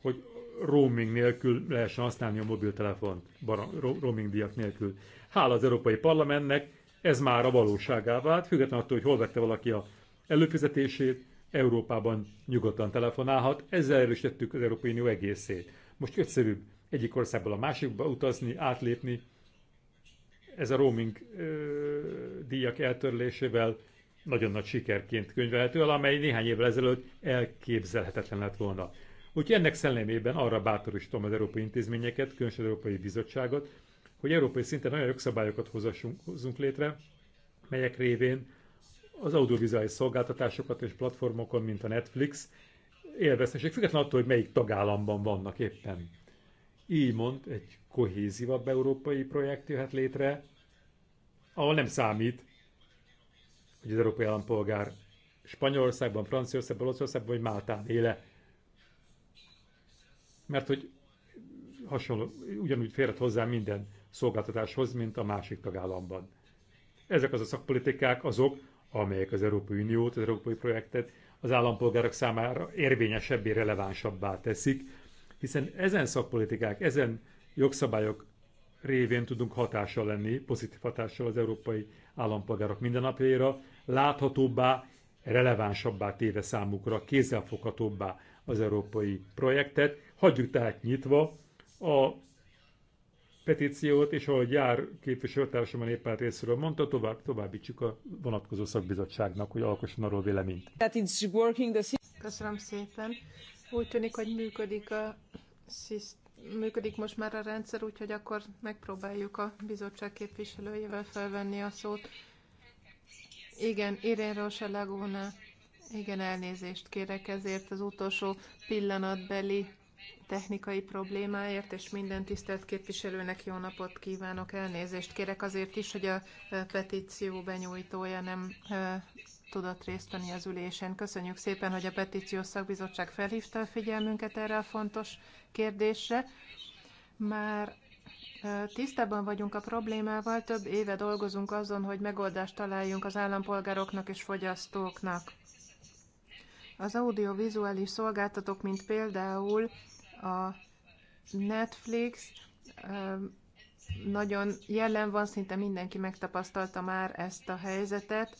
hogy roaming nélkül lehessen használni a mobiltelefont, roaming díjak nélkül. Hála az Európai Parlamentnek, ez már a valóságá vált, függetlenül attól, hogy hol vette valaki a előfizetését, Európában nyugodtan telefonálhat, ezzel erősítettük az Európai Unió egészét. Most egyszerűbb egyik országból a másikba utazni, átlépni. Ez a roaming ö, díjak eltörlésével nagyon nagy sikerként könyvelhető amely néhány évvel ezelőtt elképzelhetetlen lett volna. Úgyhogy ennek szellemében arra bátorítom az európai intézményeket, különösen az Európai Bizottságot, hogy európai szinten olyan jogszabályokat hozzunk létre, melyek révén az audiovizuális szolgáltatásokat és platformokon, mint a Netflix, élvezhessék, függetlenül attól, hogy melyik tagállamban vannak éppen így mond egy kohézívabb európai projekt jöhet létre, ahol nem számít, hogy az európai állampolgár Spanyolországban, Franciaországban, Olaszországban vagy Máltán éle. Mert hogy hasonló, ugyanúgy férhet hozzá minden szolgáltatáshoz, mint a másik tagállamban. Ezek az a szakpolitikák azok, amelyek az Európai Uniót, az európai projektet az állampolgárok számára érvényesebbé, relevánsabbá teszik, hiszen ezen szakpolitikák, ezen jogszabályok révén tudunk hatással lenni, pozitív hatással az európai állampolgárok mindennapjaira, láthatóbbá, relevánsabbá téve számukra, kézzelfoghatóbbá az európai projektet. Hagyjuk tehát nyitva a petíciót, és ahogy jár képviselőtársam a néppárt részéről mondta, tovább, továbbítsuk a vonatkozó szakbizottságnak, hogy alkosson arról véleményt. Köszönöm szépen. Úgy tűnik, hogy működik, a, működik most már a rendszer, úgyhogy akkor megpróbáljuk a bizottság képviselőjével felvenni a szót. Igen, Irén Rosa Laguna. Igen, elnézést kérek ezért az utolsó pillanatbeli technikai problémáért, és minden tisztelt képviselőnek jó napot kívánok, elnézést kérek azért is, hogy a e, petíció benyújtója nem e, tudott részt venni az ülésen. Köszönjük szépen, hogy a Petíciós Szakbizottság felhívta a figyelmünket erre a fontos kérdésre. Már Tisztában vagyunk a problémával, több éve dolgozunk azon, hogy megoldást találjunk az állampolgároknak és fogyasztóknak. Az audiovizuális szolgáltatók, mint például a Netflix, nagyon jelen van, szinte mindenki megtapasztalta már ezt a helyzetet.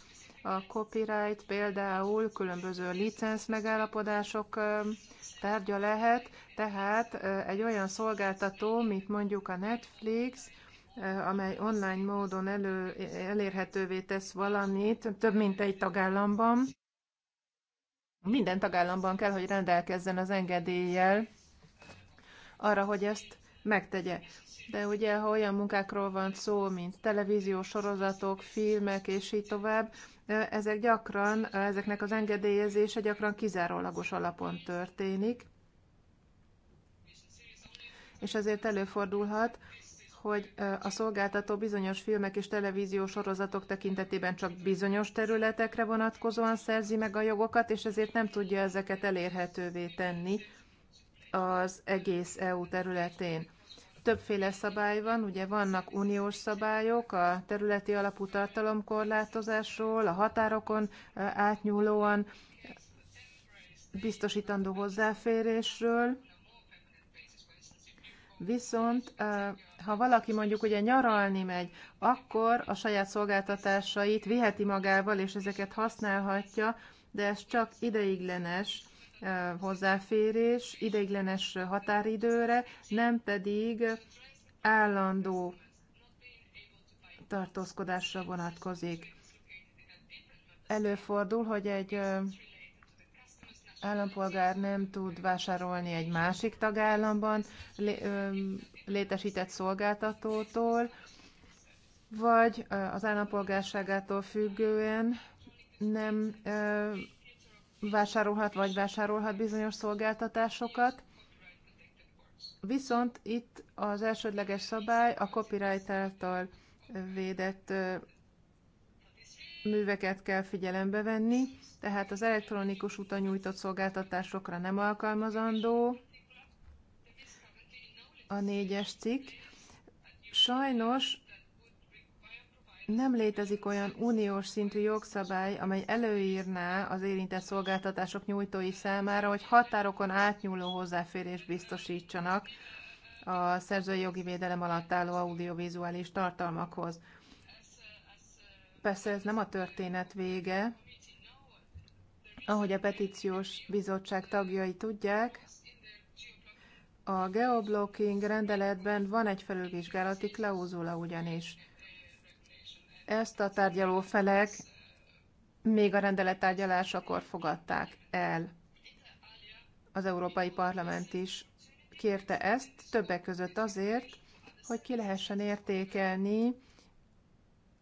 A copyright például különböző licenc megállapodások tárgya lehet, tehát egy olyan szolgáltató, mint mondjuk a Netflix, amely online módon elő, elérhetővé tesz valamit több mint egy tagállamban. Minden tagállamban kell, hogy rendelkezzen az engedéllyel arra, hogy ezt megtegye. De ugye, ha olyan munkákról van szó, mint televíziós sorozatok, filmek és így tovább, ezek gyakran, ezeknek az engedélyezése gyakran kizárólagos alapon történik, és ezért előfordulhat, hogy a szolgáltató bizonyos filmek és televíziós sorozatok tekintetében csak bizonyos területekre vonatkozóan szerzi meg a jogokat, és ezért nem tudja ezeket elérhetővé tenni az egész EU területén többféle szabály van, ugye vannak uniós szabályok a területi alapú tartalomkorlátozásról, a határokon átnyúlóan biztosítandó hozzáférésről, Viszont, ha valaki mondjuk ugye nyaralni megy, akkor a saját szolgáltatásait viheti magával, és ezeket használhatja, de ez csak ideiglenes hozzáférés ideiglenes határidőre, nem pedig állandó tartózkodásra vonatkozik. Előfordul, hogy egy állampolgár nem tud vásárolni egy másik tagállamban létesített szolgáltatótól, vagy az állampolgárságától függően nem vásárolhat vagy vásárolhat bizonyos szolgáltatásokat. Viszont itt az elsődleges szabály a copyright által védett műveket kell figyelembe venni, tehát az elektronikus úton nyújtott szolgáltatásokra nem alkalmazandó a négyes cikk. Sajnos nem létezik olyan uniós szintű jogszabály, amely előírná az érintett szolgáltatások nyújtói számára, hogy határokon átnyúló hozzáférés biztosítsanak a szerzői jogi védelem alatt álló audiovizuális tartalmakhoz. Persze ez nem a történet vége. Ahogy a petíciós bizottság tagjai tudják, a geoblocking rendeletben van egy felülvizsgálati klauzula ugyanis ezt a tárgyaló felek még a rendelet tárgyalásakor fogadták el. Az Európai Parlament is kérte ezt, többek között azért, hogy ki lehessen értékelni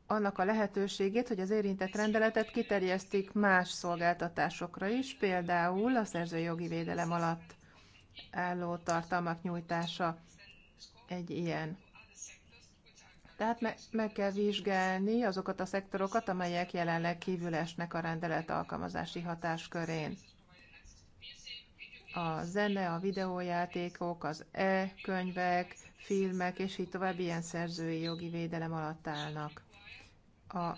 annak a lehetőségét, hogy az érintett rendeletet kiterjesztik más szolgáltatásokra is, például a szerzői jogi védelem alatt álló tartalmak nyújtása egy ilyen. Tehát me- meg kell vizsgálni azokat a szektorokat, amelyek jelenleg kívül esnek a rendelet alkalmazási hatáskörén. A zene, a videójátékok, az e-könyvek, filmek és így tovább ilyen szerzői jogi védelem alatt állnak. A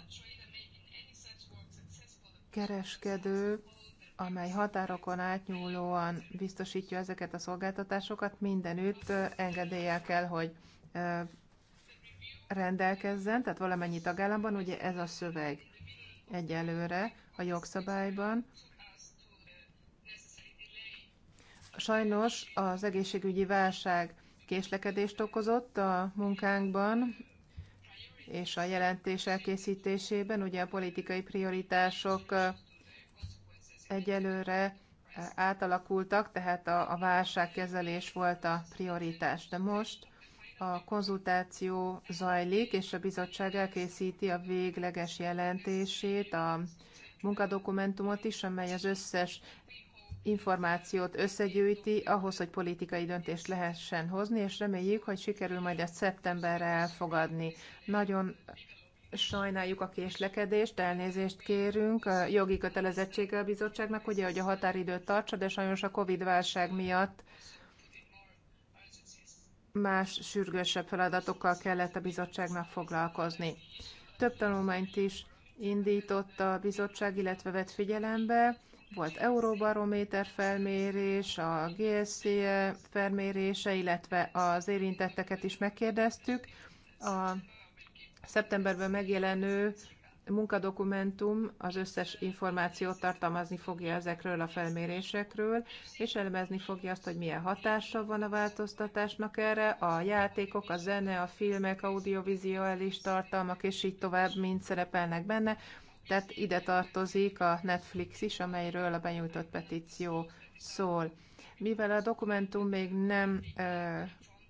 kereskedő, amely határokon átnyúlóan biztosítja ezeket a szolgáltatásokat, mindenütt engedélye kell, hogy rendelkezzen, tehát valamennyi tagállamban, ugye ez a szöveg egyelőre a jogszabályban. Sajnos az egészségügyi válság késlekedést okozott a munkánkban, és a jelentés elkészítésében, ugye a politikai prioritások egyelőre átalakultak, tehát a, a válságkezelés volt a prioritás. De most a konzultáció zajlik, és a bizottság elkészíti a végleges jelentését, a munkadokumentumot is, amely az összes információt összegyűjti ahhoz, hogy politikai döntést lehessen hozni, és reméljük, hogy sikerül majd ezt szeptemberre elfogadni. Nagyon sajnáljuk a késlekedést, elnézést kérünk, jogi kötelezettsége a bizottságnak, ugye, hogy a határidőt tartsa, de sajnos a Covid válság miatt más sürgősebb feladatokkal kellett a bizottságnak foglalkozni. Több tanulmányt is indított a bizottság, illetve vett figyelembe. Volt Euróbarométer felmérés, a GSC e felmérése, illetve az érintetteket is megkérdeztük. A szeptemberben megjelenő munkadokumentum az összes információt tartalmazni fogja ezekről a felmérésekről, és elemezni fogja azt, hogy milyen hatása van a változtatásnak erre, a játékok, a zene, a filmek, audiovizuális tartalmak, és így tovább mind szerepelnek benne. Tehát ide tartozik a Netflix is, amelyről a benyújtott petíció szól. Mivel a dokumentum még nem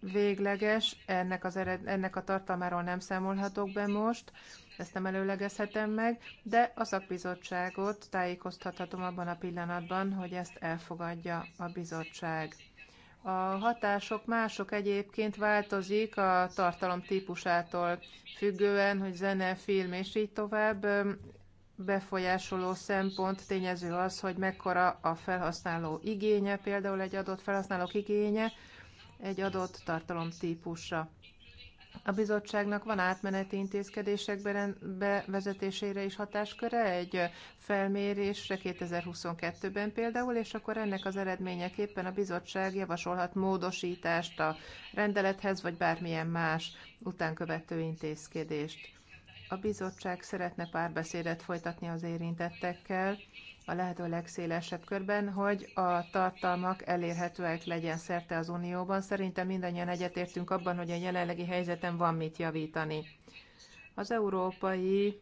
végleges, ennek, az ered, ennek a tartalmáról nem számolhatok be most, ezt nem előlegezhetem meg, de a szakbizottságot tájékoztathatom abban a pillanatban, hogy ezt elfogadja a bizottság. A hatások mások egyébként változik a tartalom típusától függően, hogy zene, film és így tovább. Befolyásoló szempont, tényező az, hogy mekkora a felhasználó igénye, például egy adott felhasználók igénye egy adott tartalom típusra. A bizottságnak van átmeneti intézkedések bevezetésére is hatásköre, egy felmérésre 2022-ben például, és akkor ennek az eredményeképpen a bizottság javasolhat módosítást a rendelethez, vagy bármilyen más utánkövető intézkedést. A bizottság szeretne párbeszédet folytatni az érintettekkel, a lehető legszélesebb körben, hogy a tartalmak elérhetőek legyen szerte az Unióban. Szerintem mindannyian egyetértünk abban, hogy a jelenlegi helyzeten van mit javítani. Az európai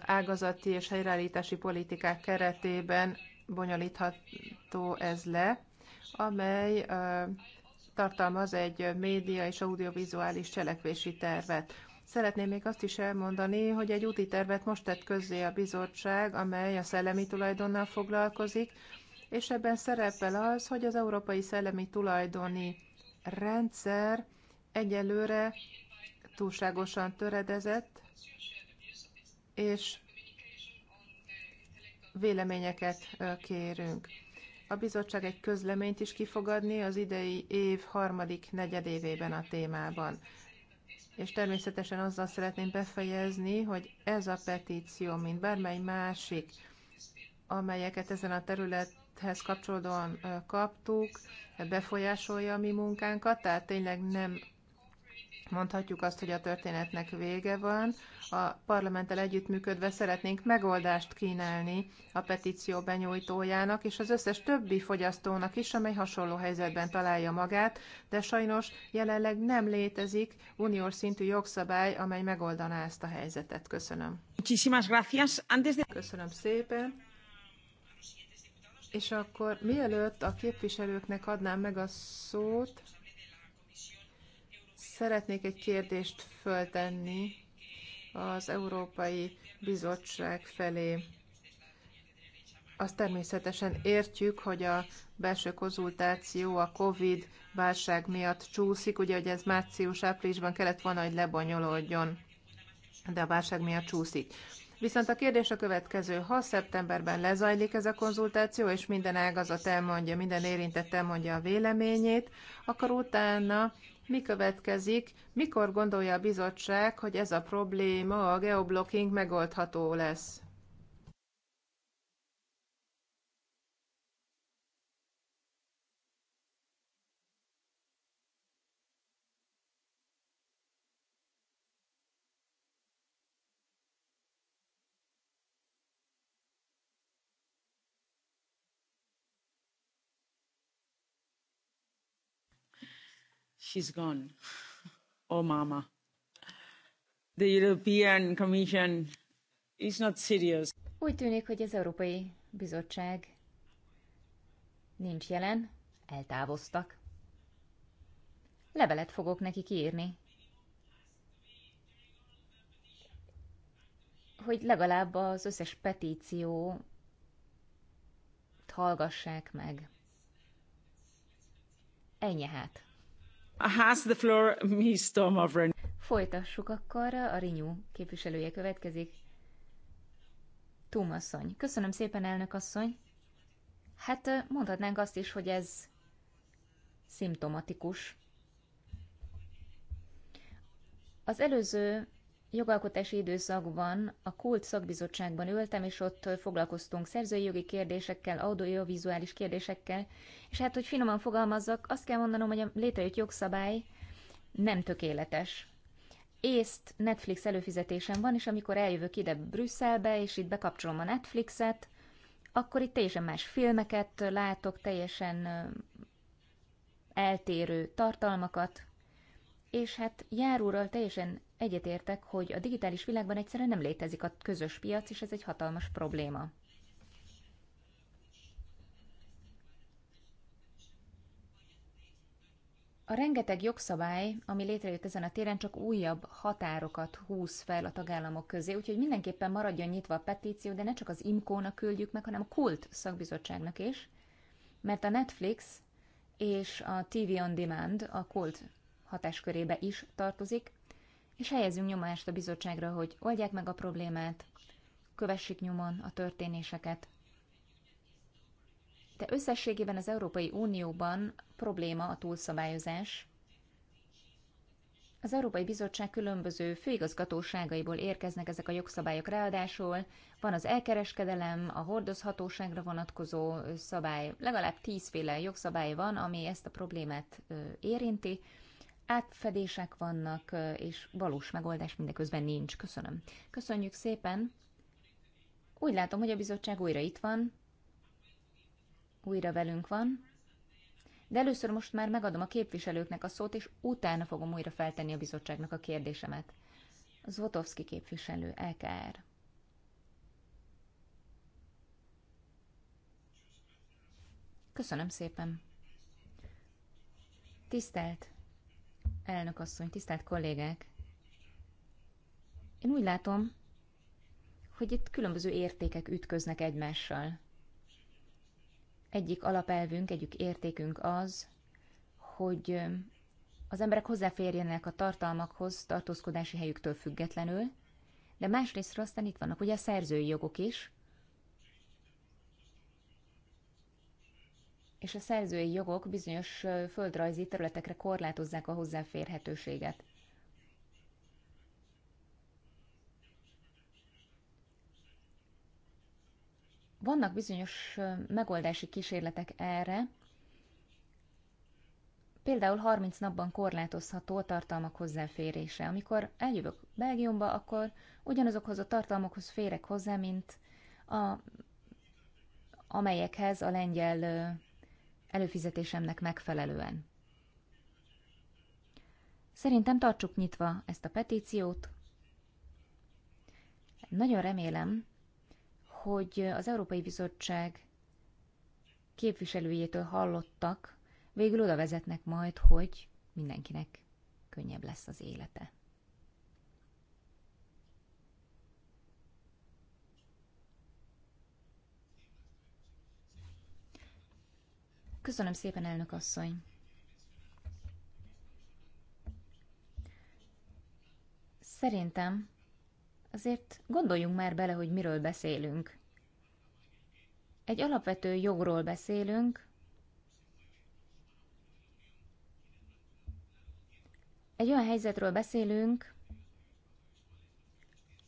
ágazati és helyreállítási politikák keretében bonyolítható ez le, amely tartalmaz egy média és audiovizuális cselekvési tervet. Szeretném még azt is elmondani, hogy egy úti tervet most tett közzé a bizottság, amely a szellemi tulajdonnal foglalkozik, és ebben szerepel az, hogy az európai szellemi tulajdoni rendszer egyelőre túlságosan töredezett, és véleményeket kérünk. A bizottság egy közleményt is kifogadni az idei év harmadik negyedévében a témában és természetesen azzal szeretném befejezni, hogy ez a petíció, mint bármely másik, amelyeket ezen a területhez kapcsolódóan kaptuk, befolyásolja a mi munkánkat, tehát tényleg nem mondhatjuk azt, hogy a történetnek vége van. A parlamenttel együttműködve szeretnénk megoldást kínálni a petíció benyújtójának és az összes többi fogyasztónak is, amely hasonló helyzetben találja magát, de sajnos jelenleg nem létezik uniós szintű jogszabály, amely megoldaná ezt a helyzetet. Köszönöm. Köszönöm szépen. És akkor mielőtt a képviselőknek adnám meg a szót, Szeretnék egy kérdést föltenni az Európai Bizottság felé. Azt természetesen értjük, hogy a belső konzultáció a COVID válság miatt csúszik, ugye, hogy ez március-áprilisban kellett volna, hogy lebonyolódjon, de a válság miatt csúszik. Viszont a kérdés a következő. Ha szeptemberben lezajlik ez a konzultáció, és minden ágazat elmondja, minden érintett elmondja a véleményét, akkor utána mi következik? Mikor gondolja a bizottság, hogy ez a probléma, a geoblocking megoldható lesz? she's gone. Oh, mama. The European Commission is not serious. Úgy tűnik, hogy az Európai Bizottság nincs jelen, eltávoztak. Levelet fogok neki kiírni. Hogy legalább az összes petíció hallgassák meg. Ennyi hát. Has the floor, Ms. Folytassuk akkor, a Rinyú képviselője következik. Túmasszony. Köszönöm szépen, elnök asszony. Hát mondhatnánk azt is, hogy ez szimptomatikus. Az előző jogalkotási időszakban a Kult szakbizottságban ültem, és ott foglalkoztunk szerzői jogi kérdésekkel, audiovizuális kérdésekkel, és hát, hogy finoman fogalmazzak, azt kell mondanom, hogy a létrejött jogszabály nem tökéletes. Észt Netflix előfizetésem van, és amikor eljövök ide Brüsszelbe, és itt bekapcsolom a Netflixet, akkor itt teljesen más filmeket látok, teljesen eltérő tartalmakat, és hát járóról teljesen egyetértek, hogy a digitális világban egyszerűen nem létezik a közös piac, és ez egy hatalmas probléma. A rengeteg jogszabály, ami létrejött ezen a téren, csak újabb határokat húz fel a tagállamok közé, úgyhogy mindenképpen maradjon nyitva a petíció, de ne csak az IMCO-nak küldjük meg, hanem a KULT szakbizottságnak is, mert a Netflix és a TV on Demand a KULT hatáskörébe is tartozik, és helyezünk nyomást a bizottságra, hogy oldják meg a problémát, kövessék nyomon a történéseket. De összességében az Európai Unióban probléma a túlszabályozás. Az Európai Bizottság különböző főigazgatóságaiból érkeznek ezek a jogszabályok ráadásul. Van az elkereskedelem, a hordozhatóságra vonatkozó szabály, legalább tízféle jogszabály van, ami ezt a problémát érinti átfedések vannak, és valós megoldás mindeközben nincs. Köszönöm. Köszönjük szépen. Úgy látom, hogy a bizottság újra itt van, újra velünk van, de először most már megadom a képviselőknek a szót, és utána fogom újra feltenni a bizottságnak a kérdésemet. Zvotovski képviselő, LKR. Köszönöm szépen. Tisztelt Elnök asszony, tisztelt kollégák! Én úgy látom, hogy itt különböző értékek ütköznek egymással. Egyik alapelvünk, egyik értékünk az, hogy az emberek hozzáférjenek a tartalmakhoz tartózkodási helyüktől függetlenül, de másrészt aztán itt vannak ugye a szerzői jogok is, és a szerzői jogok bizonyos földrajzi területekre korlátozzák a hozzáférhetőséget. Vannak bizonyos megoldási kísérletek erre, Például 30 napban korlátozható a tartalmak hozzáférése. Amikor eljövök Belgiumba, akkor ugyanazokhoz a tartalmakhoz férek hozzá, mint a, amelyekhez a lengyel előfizetésemnek megfelelően. Szerintem tartsuk nyitva ezt a petíciót. Nagyon remélem, hogy az Európai Bizottság képviselőjétől hallottak, végül oda vezetnek majd, hogy mindenkinek könnyebb lesz az élete. Köszönöm szépen, elnök asszony. Szerintem azért gondoljunk már bele, hogy miről beszélünk. Egy alapvető jogról beszélünk, egy olyan helyzetről beszélünk,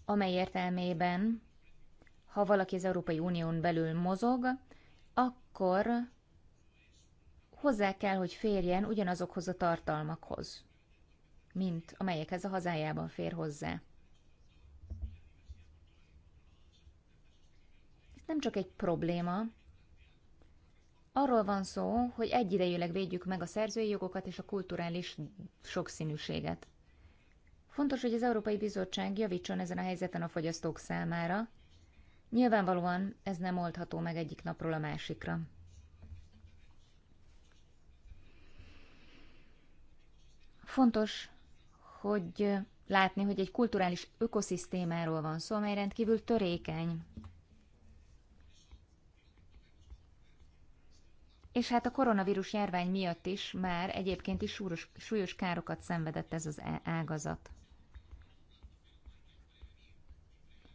amely értelmében, ha valaki az Európai Unión belül mozog, akkor hozzá kell, hogy férjen ugyanazokhoz a tartalmakhoz, mint amelyekhez a hazájában fér hozzá. Ez nem csak egy probléma, Arról van szó, hogy egyidejűleg védjük meg a szerzői jogokat és a kulturális sokszínűséget. Fontos, hogy az Európai Bizottság javítson ezen a helyzeten a fogyasztók számára. Nyilvánvalóan ez nem oldható meg egyik napról a másikra. Fontos, hogy látni, hogy egy kulturális ökoszisztémáról van szó, amely rendkívül törékeny. És hát a koronavírus járvány miatt is már egyébként is súros, súlyos károkat szenvedett ez az ágazat.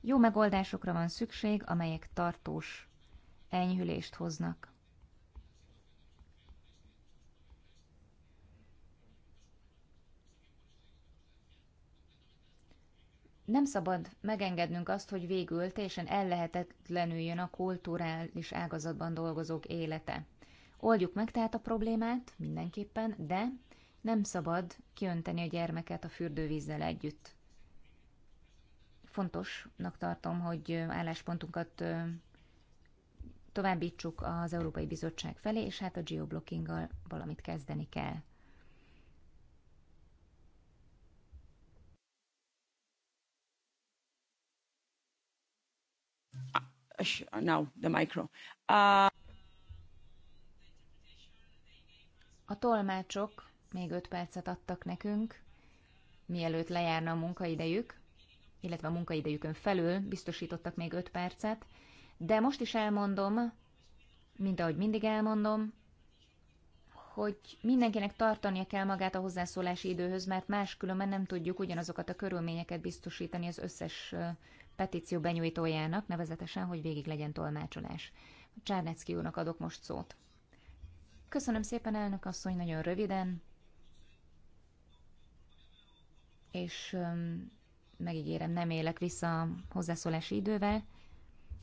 Jó megoldásokra van szükség, amelyek tartós enyhülést hoznak. nem szabad megengednünk azt, hogy végül teljesen ellehetetlenüljön a kulturális ágazatban dolgozók élete. Oldjuk meg tehát a problémát mindenképpen, de nem szabad kiönteni a gyermeket a fürdővízzel együtt. Fontosnak tartom, hogy álláspontunkat továbbítsuk az Európai Bizottság felé, és hát a geoblockinggal valamit kezdeni kell. now the micro. Uh... A tolmácsok még öt percet adtak nekünk, mielőtt lejárna a munkaidejük, illetve a munkaidejükön felül biztosítottak még öt percet, de most is elmondom, mint ahogy mindig elmondom, hogy mindenkinek tartania kell magát a hozzászólási időhöz, mert máskülönben nem tudjuk ugyanazokat a körülményeket biztosítani az összes petíció benyújtójának, nevezetesen, hogy végig legyen tolmácsolás. Csárnecki úrnak adok most szót. Köszönöm szépen, elnök asszony, nagyon röviden, és megígérem, nem élek vissza a hozzászólási idővel.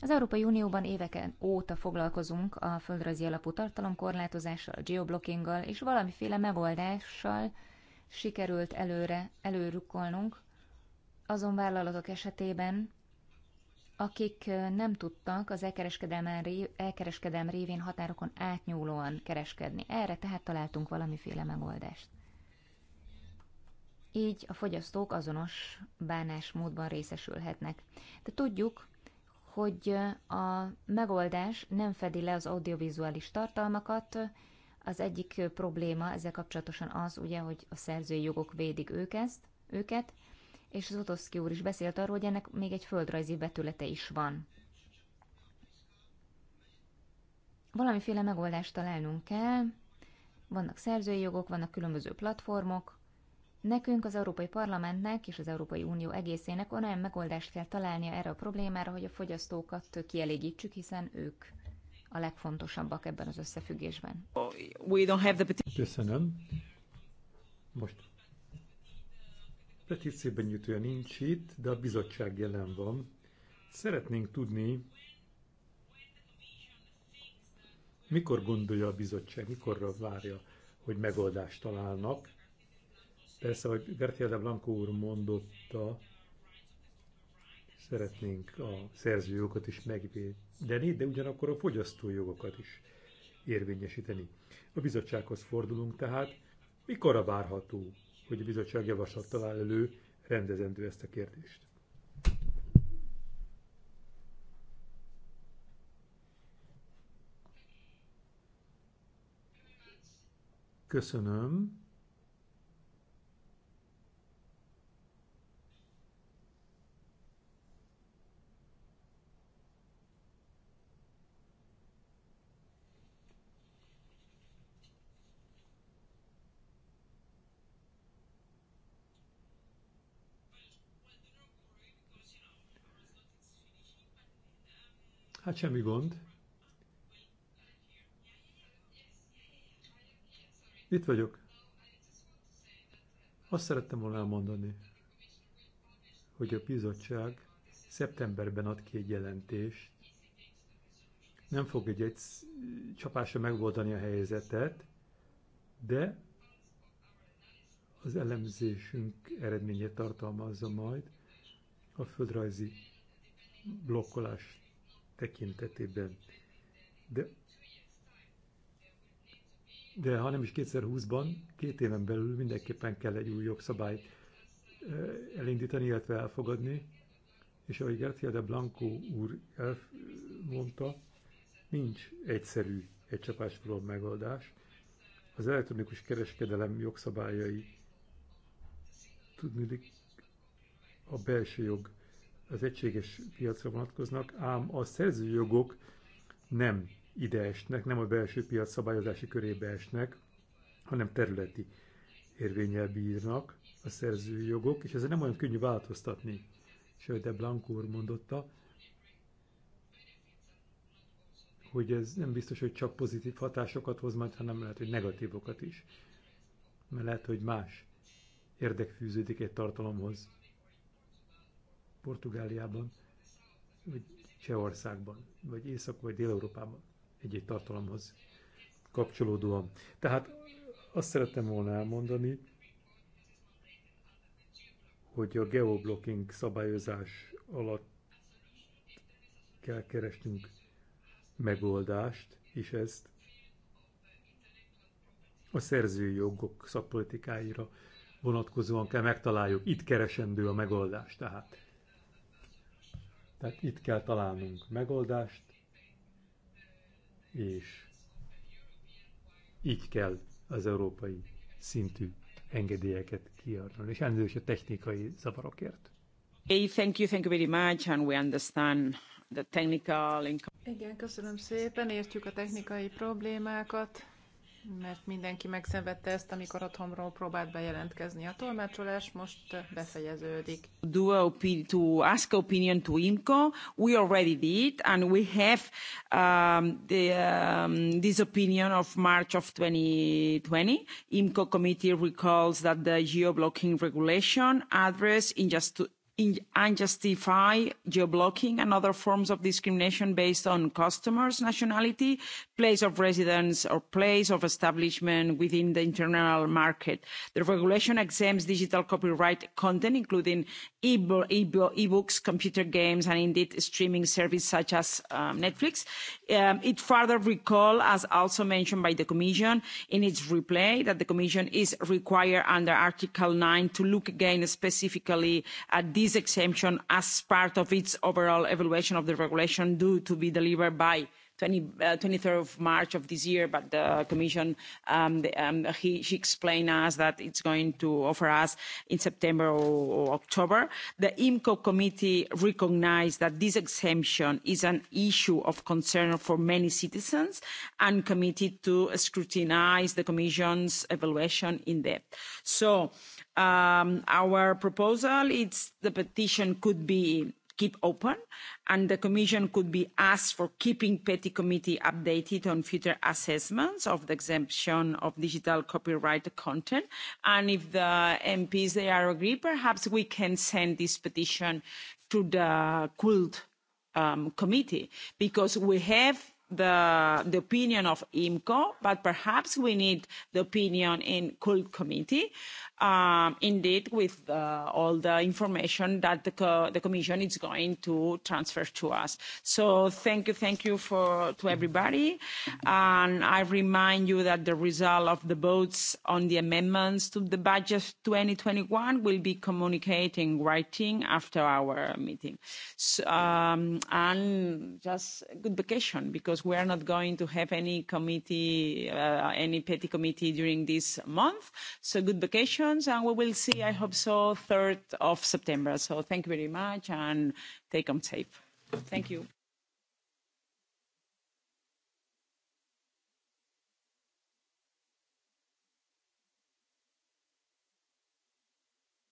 Az Európai Unióban éveken óta foglalkozunk a földrajzi alapú tartalomkorlátozással, a geoblockinggal és valamiféle megoldással sikerült előre előrukkolnunk azon vállalatok esetében, akik nem tudtak az elkereskedelmen elkereskedelm révén határokon átnyúlóan kereskedni. Erre tehát találtunk valamiféle megoldást. Így a fogyasztók azonos bánásmódban részesülhetnek. De tudjuk, hogy a megoldás nem fedi le az audiovizuális tartalmakat. Az egyik probléma ezzel kapcsolatosan az, ugye, hogy a szerzői jogok védik ők ezt, őket, és Zotoszki úr is beszélt arról, hogy ennek még egy földrajzi vetülete is van. Valamiféle megoldást találnunk kell, vannak szerzői jogok, vannak különböző platformok, Nekünk, az Európai Parlamentnek és az Európai Unió egészének olyan megoldást kell találnia erre a problémára, hogy a fogyasztókat kielégítsük, hiszen ők a legfontosabbak ebben az összefüggésben. Köszönöm. Most petíció benyújtója nincs itt, de a bizottság jelen van. Szeretnénk tudni, mikor gondolja a bizottság, mikorra várja, hogy megoldást találnak. Persze, hogy Gertia de Blanco úr mondotta, szeretnénk a szerzőjogokat is megvédeni, de ugyanakkor a fogyasztói jogokat is érvényesíteni. A bizottsághoz fordulunk tehát, mikor a várható hogy a bizottság javaslattal áll elő, rendezendő ezt a kérdést. Köszönöm. Hát semmi gond. Itt vagyok. Azt szerettem volna elmondani, hogy a bizottság szeptemberben ad ki egy jelentést, nem fog egy, egy csapásra megoldani a helyzetet, de az elemzésünk eredménye tartalmazza majd a földrajzi blokkolás tekintetében. De, de ha nem is 2020-ban, két éven belül mindenképpen kell egy új jogszabályt elindítani, illetve elfogadni, és ahogy Gertia de Blanco úr mondta, nincs egyszerű egy csapásfalon megoldás. Az elektronikus kereskedelem jogszabályai tudni a belső jog az egységes piacra vonatkoznak, ám a szerzőjogok nem ide esnek, nem a belső piac szabályozási körébe esnek, hanem területi érvényel bírnak a szerzőjogok, és ez nem olyan könnyű változtatni. Sőt, de Blanco úr mondotta, hogy ez nem biztos, hogy csak pozitív hatásokat hoz majd, hanem lehet, hogy negatívokat is. Mert lehet, hogy más érdek fűződik egy tartalomhoz, Portugáliában, vagy Csehországban, vagy Észak- vagy Dél-Európában egy-egy tartalomhoz kapcsolódóan. Tehát azt szerettem volna elmondani, hogy a geoblocking szabályozás alatt kell keresnünk megoldást, és ezt a szerzői jogok szakpolitikáira vonatkozóan kell megtaláljuk. Itt keresendő a megoldás tehát. Tehát itt kell találnunk megoldást, és így kell az európai szintű engedélyeket kiadni, és elnézést a technikai zavarokért. Hey, thank you, thank you very much, and we understand the technical... Igen, köszönöm szépen, értjük a technikai problémákat, mert mindenki megszenvedte ezt, amikor otthonról próbált bejelentkezni. A tolmácsolás most befejeződik. Do opi- to ask opinion to IMCO, we already did, and we have um, the, um, this opinion of March of 2020. IMCO committee recalls that the geo-blocking regulation address in just unjustified geo-blocking and other forms of discrimination based on customers' nationality, place of residence or place of establishment within the internal market. The regulation exempts digital copyright content, including e-books, computer games, and indeed streaming services such as um, Netflix. Um, it further recalls, as also mentioned by the Commission in its reply, that the Commission is required under Article 9 to look again specifically at these this exemption as part of its overall evaluation of the regulation due to be delivered by twenty uh, three march of this year but the commission um, the, um, he, she explained to us that it's going to offer us in september or, or october. the imco committee recognised that this exemption is an issue of concern for many citizens and committed to scrutinise the commission's evaluation in depth. so Um, our proposal is the petition could be keep open and the commission could be asked for keeping peti committee updated on future assessments of the exemption of digital copyright content and if the mps they are agree perhaps we can send this petition to the cult um, committee because we have the, the opinion of IMCO, but perhaps we need the opinion in cult committee um, indeed with uh, all the information that the, co the Commission is going to transfer to us. So thank you, thank you for, to everybody. And I remind you that the result of the votes on the amendments to the budget 2021 will be communicated writing after our meeting. So, um, and just good vacation because we are not going to have any committee, uh, any petty committee during this month. So good vacation questions, and we will see, I hope so, 3rd of September. So thank you very much, and take them safe. Thank you.